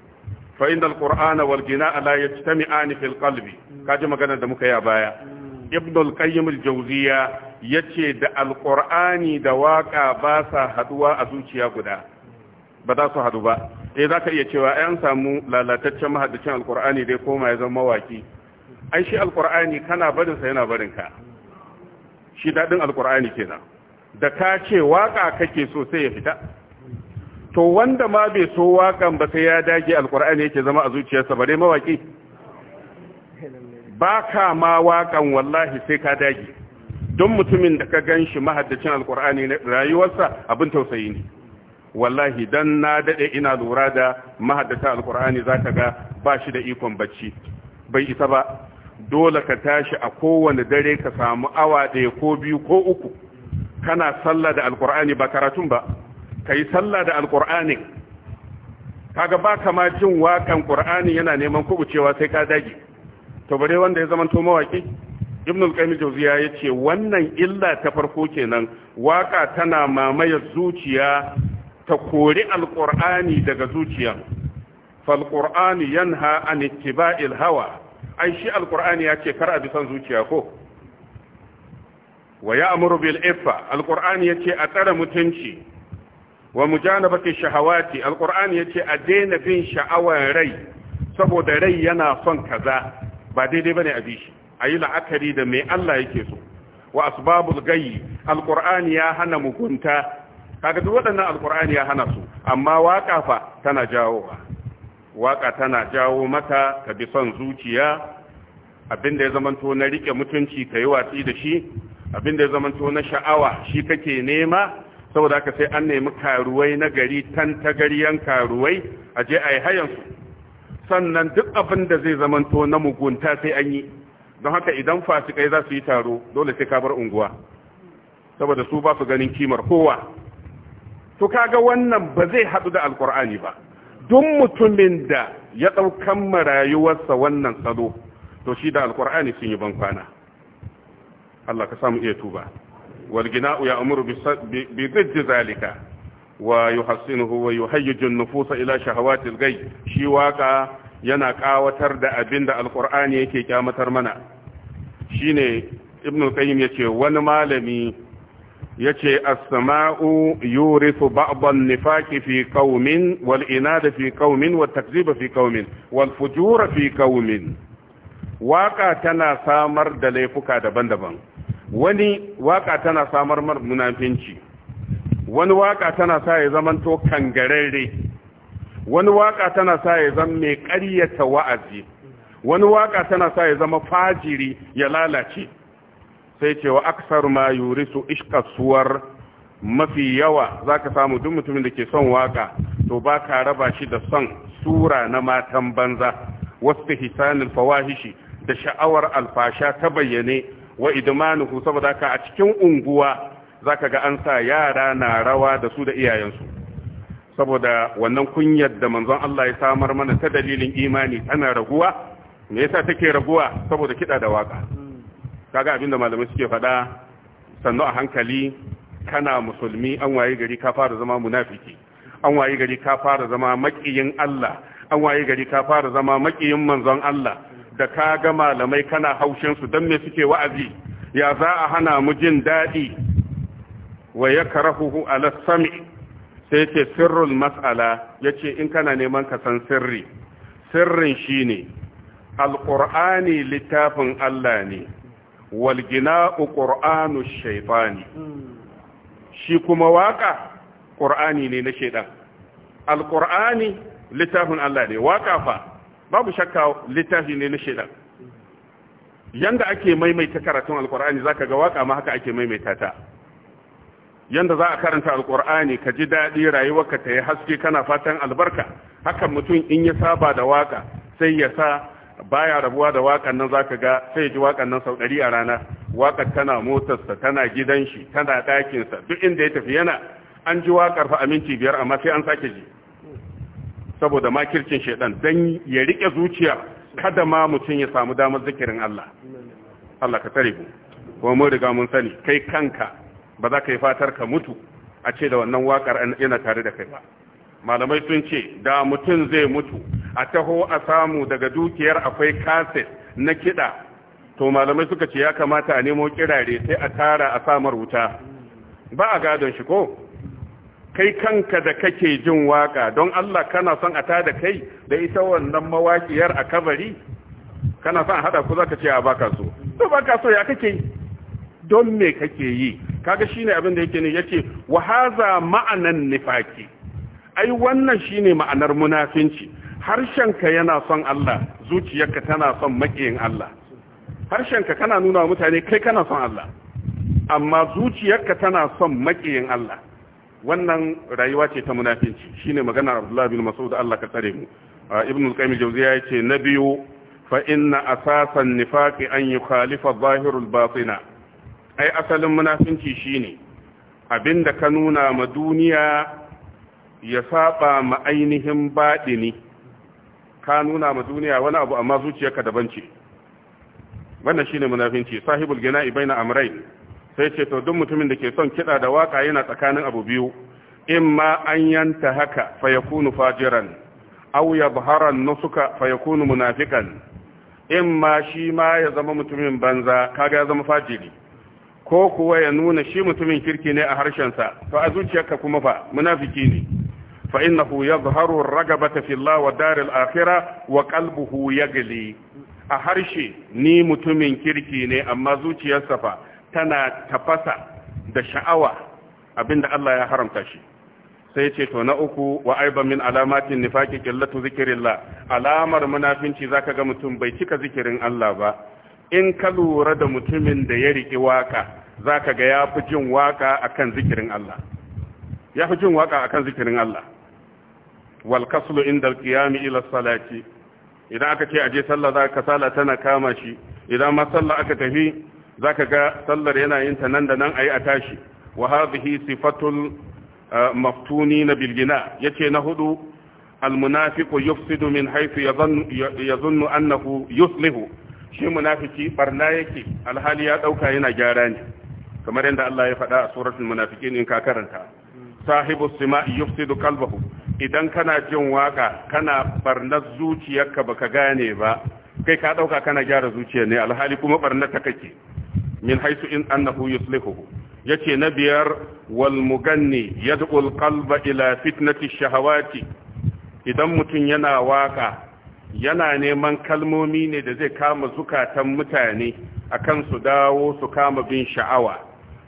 fa inda alqur'ana wal jina'a la yajtami'ani fil qalbi kaji magana da muka yi a baya ibnul qayyim al-jawziya yace da alqur'ani da waka basa sa haduwa a zuciya guda ba za su hadu ba eh zaka iya cewa an samu lalataccen mahaddacin alqur'ani dai koma ya zama mawaki ai shi alkur'ani kana barinsa yana barin ka shi daɗin alkur'ani kenan da ka ce waka kake so sai ya fita to wanda ma bai so wakan ba sai ya dage alkur'ani yake zama a zuciyarsa bare mawaƙi ba ka ma wakan wallahi sai ka dage don mutumin da ka gan shi mahaddacin alkur'ani rayuwarsa abin tausayi ne wallahi dan na dade ina lura da mahaddacin alkur'ani zaka ga ba shi da ikon bacci bai isa ba dole ka tashi a kowane dare ka samu awa ɗaya ko biyu ko uku kana sallah da alkur'ani ba karatun ba ka yi sallah da alkur'ani kaga ba kama jin waƙan ƙur'ani yana neman kubucewa sai ka dage to bare wanda ya zamanta mawaƙi ibn al-qayyim jawziya yace wannan illa ta farko kenan waka tana mamayar zuciya ta kori alqur'ani daga zuciya qur'ani yanha an ittiba'il hawa ai shi alqur'ani ya ce kar a bi san zuciya ko wa ya'muru bil iffa alqur'ani ya ce a tsara mutunci wa mujanabati shahawati alqur'ani ya ce a daina bin sha'awar rai saboda rai yana son kaza ba daidai bane a bi shi ayi la'akari da mai Allah yake so wa asbabul gayi alqur'ani ya hana mugunta kaga duk waɗannan alqur'ani ya hana su amma fa tana jawowa waka tana jawo mata ka bi son zuciya abinda ya zamanto na rike mutunci ka yi watsi da shi abinda ya zamanto na sha'awa shi kake nema saboda haka sai an nemi karuwai na gari tan gariyan karuwai a je a yi hayansu sannan duk abin da zai zamanto na mugunta sai an yi don haka idan fasikai za su yi taro dole sai ka bar unguwa saboda su ba su ganin kimar kowa to kaga wannan ba zai haɗu da alkur'ani ba duk mutumin da ya ɗaukan marayuwarsa wannan salo to shi da alkur'ani sun yi ban kwana Allah ka samu iya tuba walgina gina'u ya amuru bi dijji zalika wa yuhassinuhu wa yuhayyiju an-nufusa ila shahawati Gai, shi waka yana kawatar da abinda alkur'ani yake kyamatar mana shine ibnu qayyim yace wani malami yace as-sama'u yurifu ba'dhan nifaqi fi qaumin wal inada fi qaumin wat takziba fi qaumin wal fujura fi qaumin waka tana samar da laifuka daban-daban wani waka tana samar mar munafinci wani waka tana sa ya zaman to kangararre wani waka tana sa ya zama mai ƙaryata wa'azi wani waka tana sa ya zama fajiri ya lalace sai ce wa aksar ma iska suwar mafi yawa za ka samu duk mutumin da ke son waka to ba ka raba shi da son sura na matan banza wasu hisanin fawahishi da sha'awar alfasha ta bayyane wa ku saboda ka a cikin unguwa za ka ga an sa yara na rawa da su da iyayensu saboda wannan kunyar da manzon Allah ya samar mana ta dalilin imani tana raguwa me yasa take raguwa saboda kida da waka kaga da malamai suke faɗa sannu a hankali kana musulmi an waye gari ka fara zama munafiki an waye gari ka fara zama makiyin Allah an waye gari ka fara zama makiyin manzon Allah da kaga malamai kana haushin su dan me suke wa'azi ya za a hana mu jin dadi wa yakrahuhu ala sami sai ce sirrul mas'ala yace in kana neman ka san sirri sirrin shine alqur'ani littafin Allah ne Walgina ƙur'anu shaifani hmm. shi kuma waka ƙur'ani ne na shaidan alƙur'ani littafin Allah ne waka fa babu shakka littafi ne na shaidan yanda ake maimaita karatun alƙur'ani zaka ga waka ma haka ake maimaita ta yanda za a karanta alkur'ani ka ji daɗi rayuwarka ta yi haske kana fatan albarka hakan mutum in ya saba da waka sai ya sa baya rabuwa da wakan nan zaka ga sai ji wakan nan sau ɗari a rana wakar tana motarsa tana gidan shi tana ɗakinsa duk inda ya tafi yana an ji wakar fa aminci biyar amma sai an sake ji saboda makircin shedan dan ya rike zuciya kada ma mutum ya samu damar zikirin Allah Allah ka tare mu kuma mun riga mun sani kai kanka ba za ka yi fatar ka mutu a ce da wannan wakar yana tare da kai ba malamai sun ce da mutum zai mutu a taho a samu daga dukiyar akwai kaset na kiɗa to malamai suka ce ya kamata a nemo kirare sai a tara a samar wuta ba a gadon shi ko kai kanka da kake jin waka don Allah kana son a tada kai da ita wannan mawakiyar a kabari kana son hada ku zaka ce a baka so to baka so ya kake don me kake yi kaga shine abin da yake ne yace wa haza ma'anan nifaki ai wannan shine ma'anar munafinci harshenka yana son Allah zuciyarka tana son makiyin Allah harshenka kana nuna mutane kai kana son Allah amma zuciyarka tana son makiyin Allah wannan rayuwa ce ta munafinci shine magana Abdullah bin Mas'ud Allah ka tsare mu Ibn al-Qayyim al-Jawziyya yace na biyu fa inna asasan nifaqi an yukhalifa zahirul batina ai asalin munafinci shine abinda ka nuna ma duniya ya saba ma ainihin baɗini ka nuna ma duniya wani abu amma zuciyarka daban ce wannan shine munafinci sahibul gina'i baina amrai sai ce to duk mutumin da ke son kida da waka yana tsakanin abu biyu imma an yanta haka fa yakunu fajiran aw yadhhara nusuka fa yakunu In imma shi ma ya zama mutumin banza kaga ya zama fajiri ko kuwa ya nuna shi mutumin kirki ne a harshen sa, to a zuciyarka kuma fa munafiki ne فإنه يظهر الرغبة في الله ودار الآخرة وقلبه يغلي a harshe ni mutumin kirki ne amma zuciyarsa fa tana tafasa da sha'awa abinda Allah ya haramta shi sai ce to na uku wa aiban min alamatin nifaqi qillatu zikrillah alamar munafinci zaka ga mutum bai cika zikirin Allah ba in ka lura da mutumin da ya riki waka zaka ga yafi jin waka akan zikirin Allah yafi jin waka akan zikirin Allah wal kaslu inda kiyami ila salati idan aka ce aje sallah za ka sala tana kama shi idan ma sallah aka tafi zaka ga sallar yana yin ta nan da nan yi a tashi wa hadhihi sifatul uh, na bilgina ya yace na hudu al munafiqu yufsidu min ya zunnu annahu yuslihu shi munafiki barna yake alhali ya dauka yana gyara ne kamar yadda Allah ya faɗa a suratul munafiqin in ka karanta sahibu sima yufsidu kalbahu. idan kana jin waka kana barnar zuciyarka baka gane ba kai ka dauka kana gyara zuciya ne alhali kuma barnar ta kake min haisu in annahu yuslihu yace na biyar wal muganni yad'u al qalba ila fitnati shahawati idan mutun yana waka yana neman kalmomi ne da zai kama zukatan mutane akan su dawo su kama bin sha'awa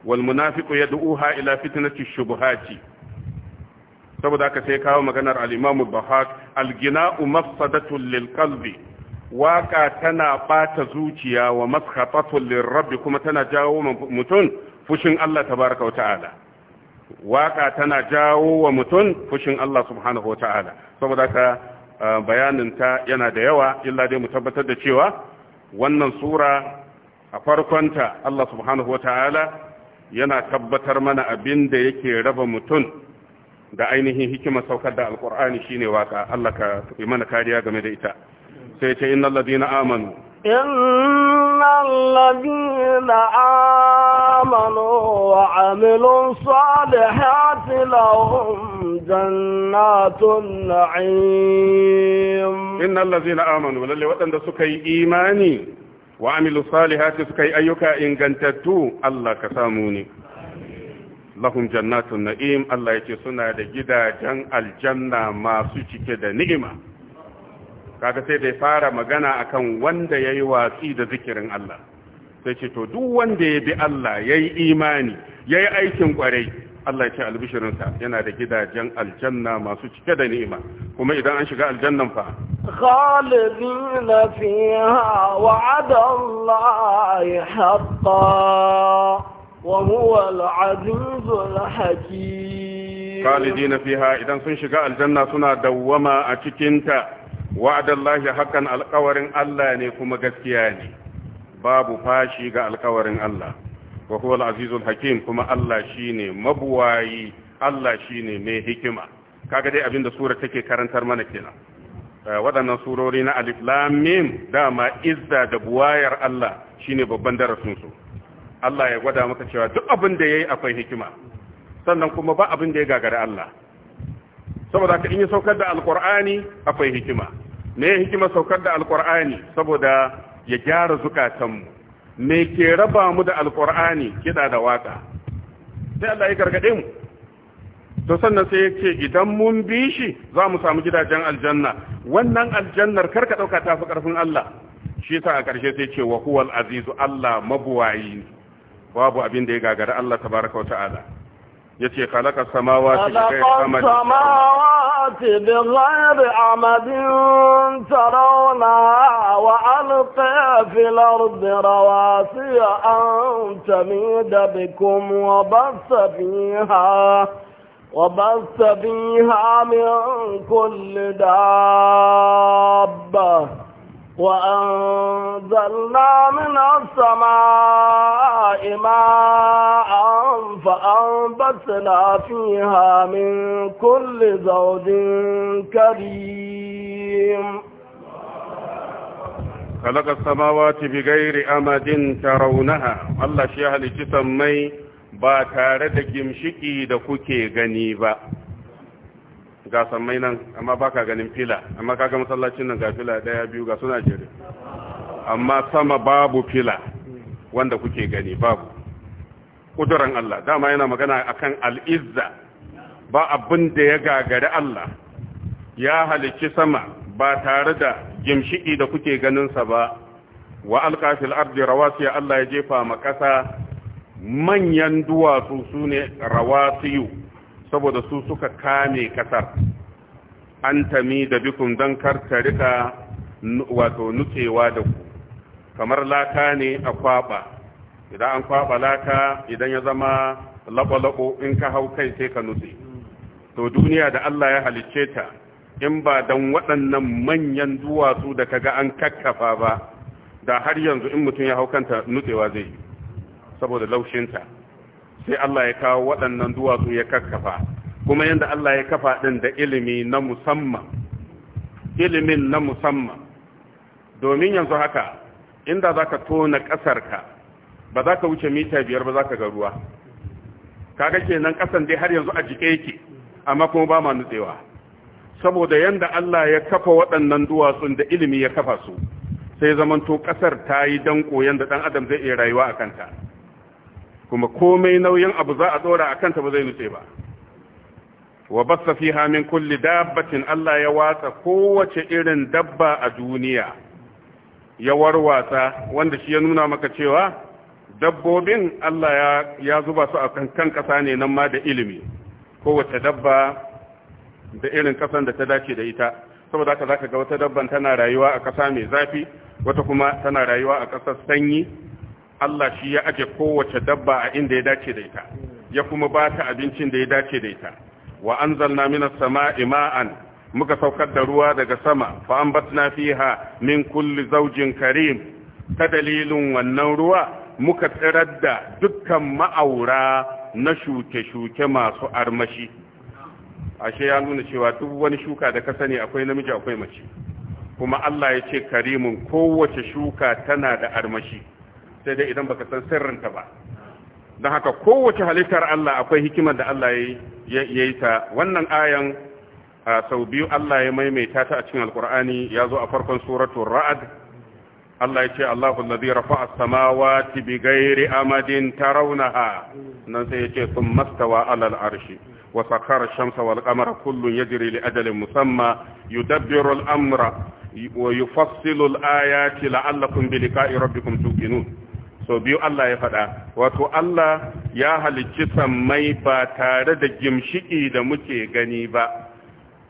wal munafiqu yad'uha ila fitnati shubuhati saboda haka sai kawo maganar al-imamu bahak al-gina'u lil waka tana bata zuciya wa maskhatatun lirabbi kuma tana jawo mutum fushin Allah tabaraka wa ta'ala waka tana jawo wa mutum fushin Allah subhanahu wa ta'ala saboda haka bayanin ta yana da yawa illa dai mu tabbatar da cewa wannan sura a farkonta Allah subhanahu wa ta'ala yana tabbatar mana abin da yake raba mutum da ainihin hikimar saukar da alkur'ani shine waka Allah ka yi mana kariya game da ita sai ce innal ladina amanu ladina amanu wa amilus salihati lahum jannatun na'im ladina amanu lalle waɗanda suka yi imani wa amilus salihati suka yi ayyuka ingantattu Allah ka samu ne lahun jannatun na'im Allah yake suna da gidajen aljanna masu cike da ni'ima kaga sai dai fara magana akan wanda yayi watsi da zikirin Allah sai ce to duk wanda ya bi Allah yayi imani yayi aikin kwarai Allah ya ce albishirinsa yana da gidajen aljanna masu cike da ni'ima kuma idan an shiga aljannan fa khalidina fiha wa'ada Allah haqqan وهو العزيز الحكيم خالدين فيها اذا sun shiga aljanna suna dawwama a cikin ta wa'ada Allah hakan alƙawarin Allah ne kuma gaskiya ne babu fashi ga alƙawarin Allah wa huwa al-aziz al-hakim kuma Allah shine mabuwayi Allah shine mai hikima kaga dai abinda sura take karantar mana kenan Waɗannan surori na alif lam dama izza da buwayar Allah shine babban darasin su Allah ya gwada maka cewa duk abin da yayi akwai hikima sannan kuma ba abin da ya gagara Allah saboda ka in yi saukar da alqur'ani akwai hikima me ya hikima saukar da alqur'ani saboda ya gyara zukatanmu me ke raba mu da alqur'ani kida da waka sai Allah ya gargade mu to sannan sai yake idan mun bi shi za mu samu gidajen aljanna wannan aljannar karka dauka ta fi karfin Allah shi yasa a karshe sai ce wa huwal azizu Allah mabuwayi babu abin da ya gagara Allah tabaraka wa ta'ala yace khalaqa samawati samawati bi amadin tarawna wa alqa fil ardi rawasiya an tamida bikum wa bassa fiha وبث فيها من كل وأنزلنا من السماء ماء فأنبتنا فيها من كل زوج كريم خلق السماوات بغير أمد ترونها الله شيها لجسم مي ba tare da gimshiki da kuke gani ba ga sammai nan amma baka ganin fila amma kaga masallacin nan ga fila daya biyu ga suna jere amma sama babu fila wanda kuke gani babu kuduran Allah dama yana magana akan al'izza ba abin da ya gagari Allah ya halicci sama ba tare da gimshiki da kuke ganinsa ba wa alƙafil ardi rawasiya Allah ya jefa ma ƙasa manyan duwatsu su ne rawasiyu saboda su suka kame kasar an tami da bikun don karta rika wato nutsewa da ku kamar laka ne a kwaba idan an kwaba laka idan ya zama labo-labo in ka hau kai sai ka nutse to duniya da Allah ya halicce ta in ba don waɗannan manyan duwatsu da kaga an kakkafa ba da har yanzu in mutum ya hau kanta nutsewa zai saboda laushinta sai Allah ya kawo waɗannan duwatsu ya kakkafa kuma yadda Allah ya kafa ɗin da ilimi na musamman ilimin na musamman domin yanzu haka inda za ka tona ƙasarka ba za ka wuce mita biyar ba za ka ga ruwa kaga kenan ƙasan dai har yanzu a jike yake amma kuma ba ma nutsewa saboda yadda Allah ya kafa waɗannan duwatsu da ilimi ya kafa su sai zamanto ƙasar ta yi danko yadda ɗan adam zai iya rayuwa a kanta kuma komai nauyin abu za a dora a kanta ba zai nutse ba wa basta fi hamin kulli dabbatin Allah ya watsa kowace irin dabba a duniya ya warwasa wanda shi ya nuna maka cewa dabbobin Allah ya zuba su a kan kasa ne nan ma da ilimi kowace dabba da irin kasan da ta dace da ita saboda haka zaka ga wata dabban tana rayuwa a kasa mai zafi wata kuma tana rayuwa a kasar sanyi Allah shi ya aje kowace dabba a inda ya dace da ita ya kuma ba ta abincin da ya dace da ita wa anzalna minas sama'i ma'an muka saukar da ruwa daga sama fa ambatna fiha min kulli zawjin karim ta dalilin wannan ruwa muka tsirar da dukkan ma'aura na shuke-shuke masu armashi ashe ya nuna cewa duk wani shuka da ka sani akwai namiji akwai mace kuma Allah ya ce karimun kowace shuka tana da armashi sai dai idan baka san sirrinta ba don haka kowace halittar Allah akwai hikimar da Allah ya yi ta wannan ayan sau biyu Allah ya maimaita ta a cikin alkur'ani ya zo a farkon suratu ra'ad Allah ya ce Allahu allazi rafa'a as-samawati bighairi amadin tarawnaha nan sai ya ce thumma stawa 'ala arshi wa sakhara shamsa wal qamara kullun yajri li ajalin musamma yudabbiru al-amra wa yufassilu al-ayati la'allakum bi liqa'i rabbikum tuqinun so biyu Allah ya faɗa wato Allah ya halicci sammai ba tare da gimshiki da muke gani ba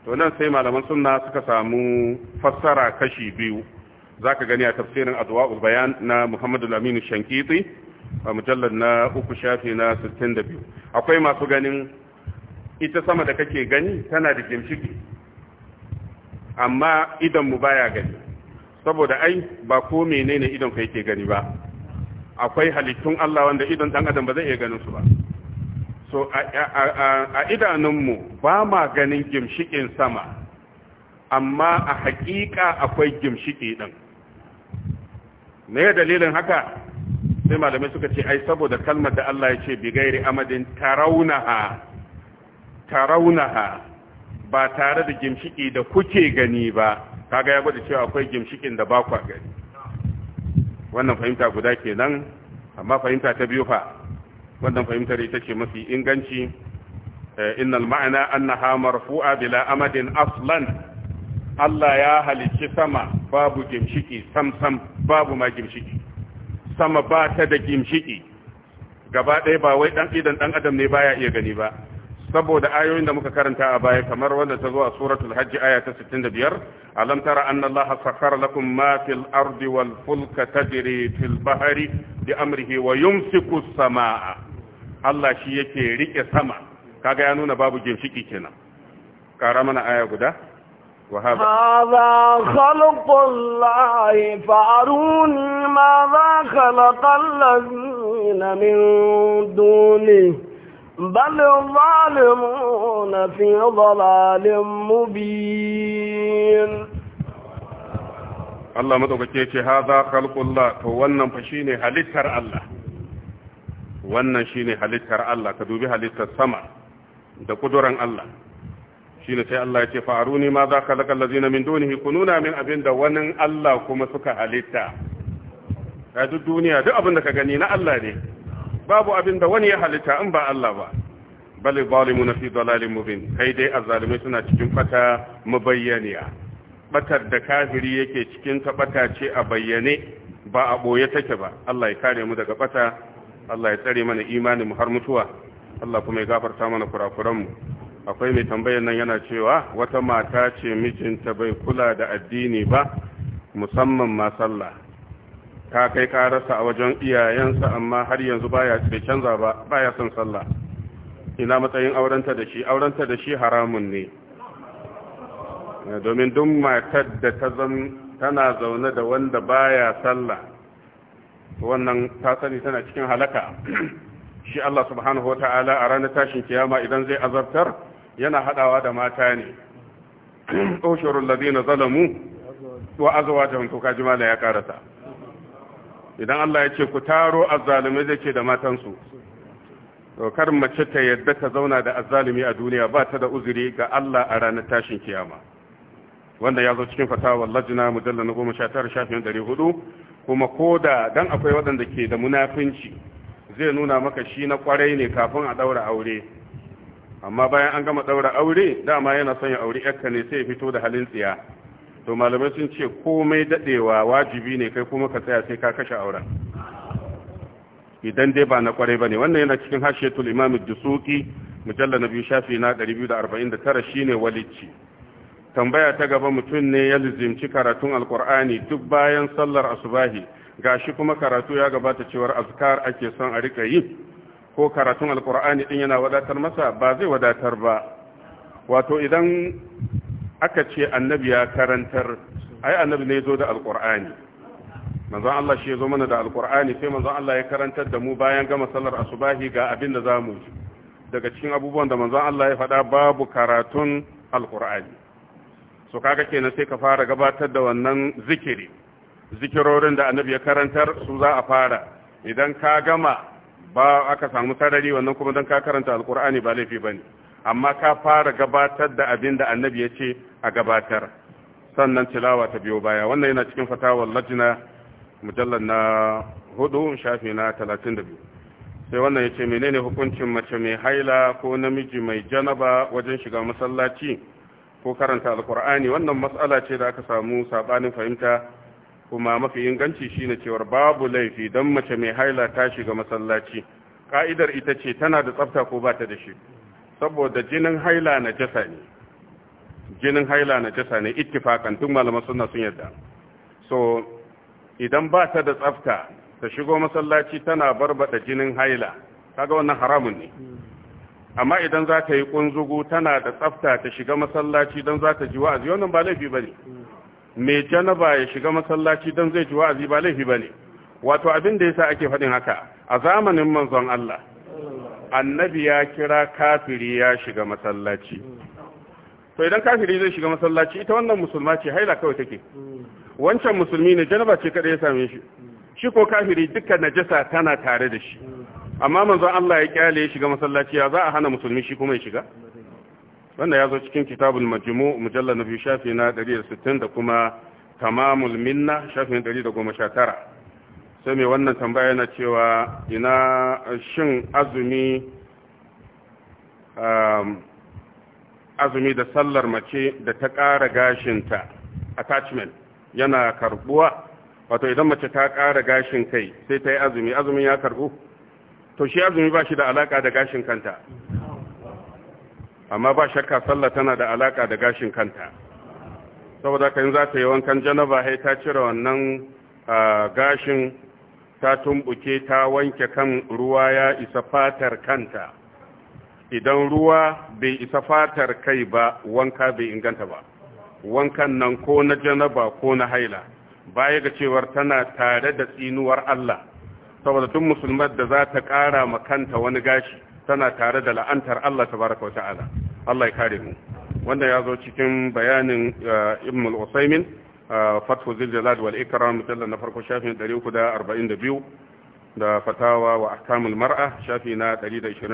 to nan sai malaman sunna suka samu fassara kashi biyu zaka gani a tafsirin adwa'ul bayan na Muhammadu Aminu Shankiti a mujallar na uku shafi na 62 akwai masu ganin ita sama da kake gani tana da gimshiki amma idan mu baya gani saboda ai ba ko menene idan ka yake gani ba akwai halittun Allah wanda idon dan adam ba zai iya ganin su ba so a idanunmu ba ma ganin gimshikin sama amma a hakika akwai gimshiki din me ya dalilin haka sai malamai suka ce ai saboda kalmar da Allah ya ce bi gairi amadin tarawunaha tarawunaha ba tare da gimshiki da kuke gani ba kaga ya gwada cewa akwai gimshikin da ba kwa gani wannan fahimta guda kenan amma fahimta ta biyu fa wannan fahimtar ita ce mafi inganci eh, innal ma'ana annaha marfu'a bila amadin aslan Allah ya halicci sama babu gimshiki sam sam babu ma gimshiki sama ba ta da gimshiki gaba ɗaya ba wai ɗan idan ɗan adam ne baya iya gani ba saboda ayoyin da muka karanta a baya kamar wanda ta zo a suratul hajji aya ta 65 alam tara anna allah sakhara lakum ma fil ardi wal fulka tajri fil bahri bi amrihi wa yumsiku samaa allah shi yake rike sama kaga ya nuna babu ginshiki kenan kara mana aya guda هذا خلق الله فأروني ماذا خلق الذين من دونه بل الظالمون في ضلال مبين Allah madaukake ce haza khalqullah to wannan fa shine halittar Allah wannan shine halittar Allah ka dubi halittar sama da kuduran Allah ne sai Allah ya ce faruni ma za khalaqa allazina min dunihi nuna min da wani Allah kuma suka halitta ka duk duniya duk abinda ka gani na Allah ne babu abin da wani ya halitta in ba Allah ba bal zalimun fi dalalin mubin kai dai azzalimai suna cikin fata mubayyaniya batar da kafiri yake cikin ta bata ce a bayyane ba a boye take ba Allah ya kare mu daga bata Allah ya tsare mana imanin mu har mutuwa Allah kuma ya gafarta mana kurakuran mu akwai mai tambayar nan yana cewa wata mata ce mijinta bai kula da addini ba musamman ma sallah Ka kai karasa a wajen iyayensa amma har yanzu baya bai canza ba baya son sallah ina matsayin aurenta da shi aurenta da shi haramun ne domin duk matar da ta zama tana zaune da wanda baya sallah wannan ta sani tana cikin halaka shi Allah subhanahu wata'ala a ranar tashin kiyama idan zai azabtar yana hadawa da mata ne ushurul ladina zalamu wa azwajuhum to kaji ya karata idan Allah ya ce ku taro azzalumi zai ke da matansu kar mace ta yadda ta zauna da azzalumi a duniya ba ta da uzuri ga Allah a ranar tashin kiyama wanda ya zo cikin fatawar lajina mujallar na goma sha tara shafin ɗari hudu kuma ko da dan akwai waɗanda ke da munafinci zai nuna maka shi na kwarai ne kafin a ɗaura aure amma bayan an gama ɗaura aure dama yana son ya auri yakka ne sai ya fito da halin tsiya to malamai sun ce komai dadewa wajibi ne kai kuma ka tsaya sai ka kashe auren idan dai ba na kwarai bane wannan yana cikin hashiyatul imam ad dusuki mujalla na shafi na 249 shine walicci tambaya ta gaba mutum ne ya lizimci karatun alkur'ani duk bayan sallar asubahi gashi kuma karatu ya gabata cewar azkar ake son a rika yi ko karatun alkur'ani din yana wadatar masa ba zai wadatar ba wato idan aka ce annabi ya karantar ai annabi ne zo da alqur'ani manzon Allah shi zo mana da alqur'ani sai manzon Allah ya karantar da mu bayan gama sallar asubahi ga abin da zamu daga cikin abubuwan da manzon Allah ya faɗa babu karatun alqur'ani so kaga kenan sai ka fara gabatar da wannan zikiri zikirorin da annabi ya karantar su za a fara idan ka gama ba aka samu sarari wannan kuma dan ka karanta alkur'ani ba laifi ba ne amma ka fara gabatar da abin da annabi ya ce a gabatar sannan tilawa ta biyo baya wannan yana cikin fatawar lajina mujallar na hudu shafi na talatin da biyu sai wannan ya ce menene hukuncin mace mai haila ko namiji mai janaba wajen shiga masallaci ko karanta alkur'ani wannan matsala ce da aka samu saɓanin fahimta kuma mafi inganci shine cewar babu laifi don mace mai haila ta shiga masallaci ka'idar ita ce tana da tsafta ko ba ta da shi saboda jinin haila na jasa ne jinin haila na jasa ne ittifakan tun malaman sunna sun yarda so idan ba ta da tsafta ta shigo masallaci tana barbada jinin haila kaga wannan haramun ne amma idan za ta yi kunzugu tana da tsafta ta shiga masallaci don za ta ji wa'azi wannan ba laifi bane mai janaba ya shiga masallaci don zai ji wa'azi ba laifi bane wato abin da yasa ake faɗin haka a zamanin manzon Allah annabi ya kira kafiri ya shiga masallaci to idan kafiri zai shiga masallaci ita wannan musulma ce haila kawai take wancan musulmi ne janaba ce kada ya same shi shi ko kafiri dukkan najasa tana tare da shi amma manzon Allah ya kyale ya shiga masallaci ya za a hana musulmi shi kuma ya shiga wanda ya zo cikin kitabul majmu mujallal na biyu shafi na 160 da kuma tamamul minna shafi na 119 sai mai wannan tambaya yana cewa ina shin azumi um, azumi da sallar mace da ta ƙara gashinta attachment yana karbuwa wato idan mace ta ƙara gashin kai sai ta yi azumi azumi ya karbu to shi azumi ba shi da alaka da gashin kanta amma ba shakka sallar tana da alaka da gashin kanta saboda kan za ta yi wankan janaba sai ta cire wannan gashin ta tumbuke ta wanke kan ruwa ya isa fatar kanta idan ruwa bai isa fatar kai ba wanka bai inganta ba wankan nan ko na janaba ko na haila baya ga cewar tana tare da tsinuwar Allah saboda tun musulmar da za ta ƙara makanta wani gashi tana tare da la'antar Allah tabaraka wata'ala Allah ya kare mu wanda ya zo cikin bayanin eh, ibn al-usaymin eh, fathu zilzalad wal ikram mujallal na farko shafin 342 da fatawa wa ahkamul mar'a shafi na 127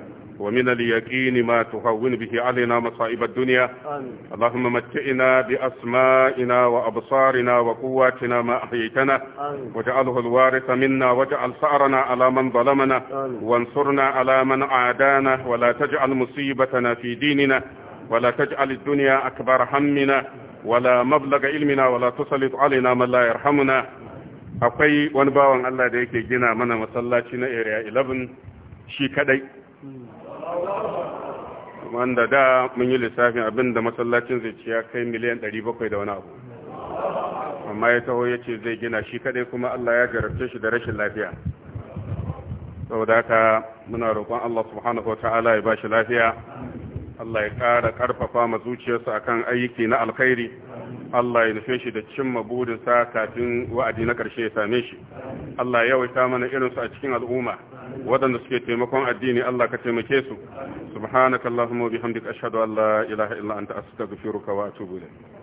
ومن اليقين ما تهون به علينا مصائب الدنيا آمين. اللهم متئنا بأسمائنا وأبصارنا وقواتنا ما أحييتنا واجعله الوارث منا واجعل ثأرنا على من ظلمنا آمين. وانصرنا على من عادانا ولا تجعل مصيبتنا في ديننا ولا تجعل الدنيا أكبر همنا ولا مبلغ علمنا ولا تسلط علينا من لا يرحمنا akwai wani bawan Allah da yake gina mana masallaci na area 11 shi kadai wanda da mun yi lissafin abin da masallacin zai ciya kai miliyan 700 da wani abu amma ya taho ya ce zai gina shi kadai kuma Allah ya jarabce shi da rashin lafiya saboda haka muna roƙon Allah subhanahu wa ta'ala ya ba shi lafiya Allah ya ƙara ƙarfafa ma zuciyarsa akan ayyuki na alkhairi Allah ya nufe shi da cimma burinsa kafin wa'adi na ƙarshe ya same shi Allah ya yawaita mana irinsu a cikin al'umma waɗanda suke taimakon addini Allah ka taimake su subhanakallahumma wa bihamdika ashhadu an la ilaha illa anta astaghfiruka wa atubu ilayk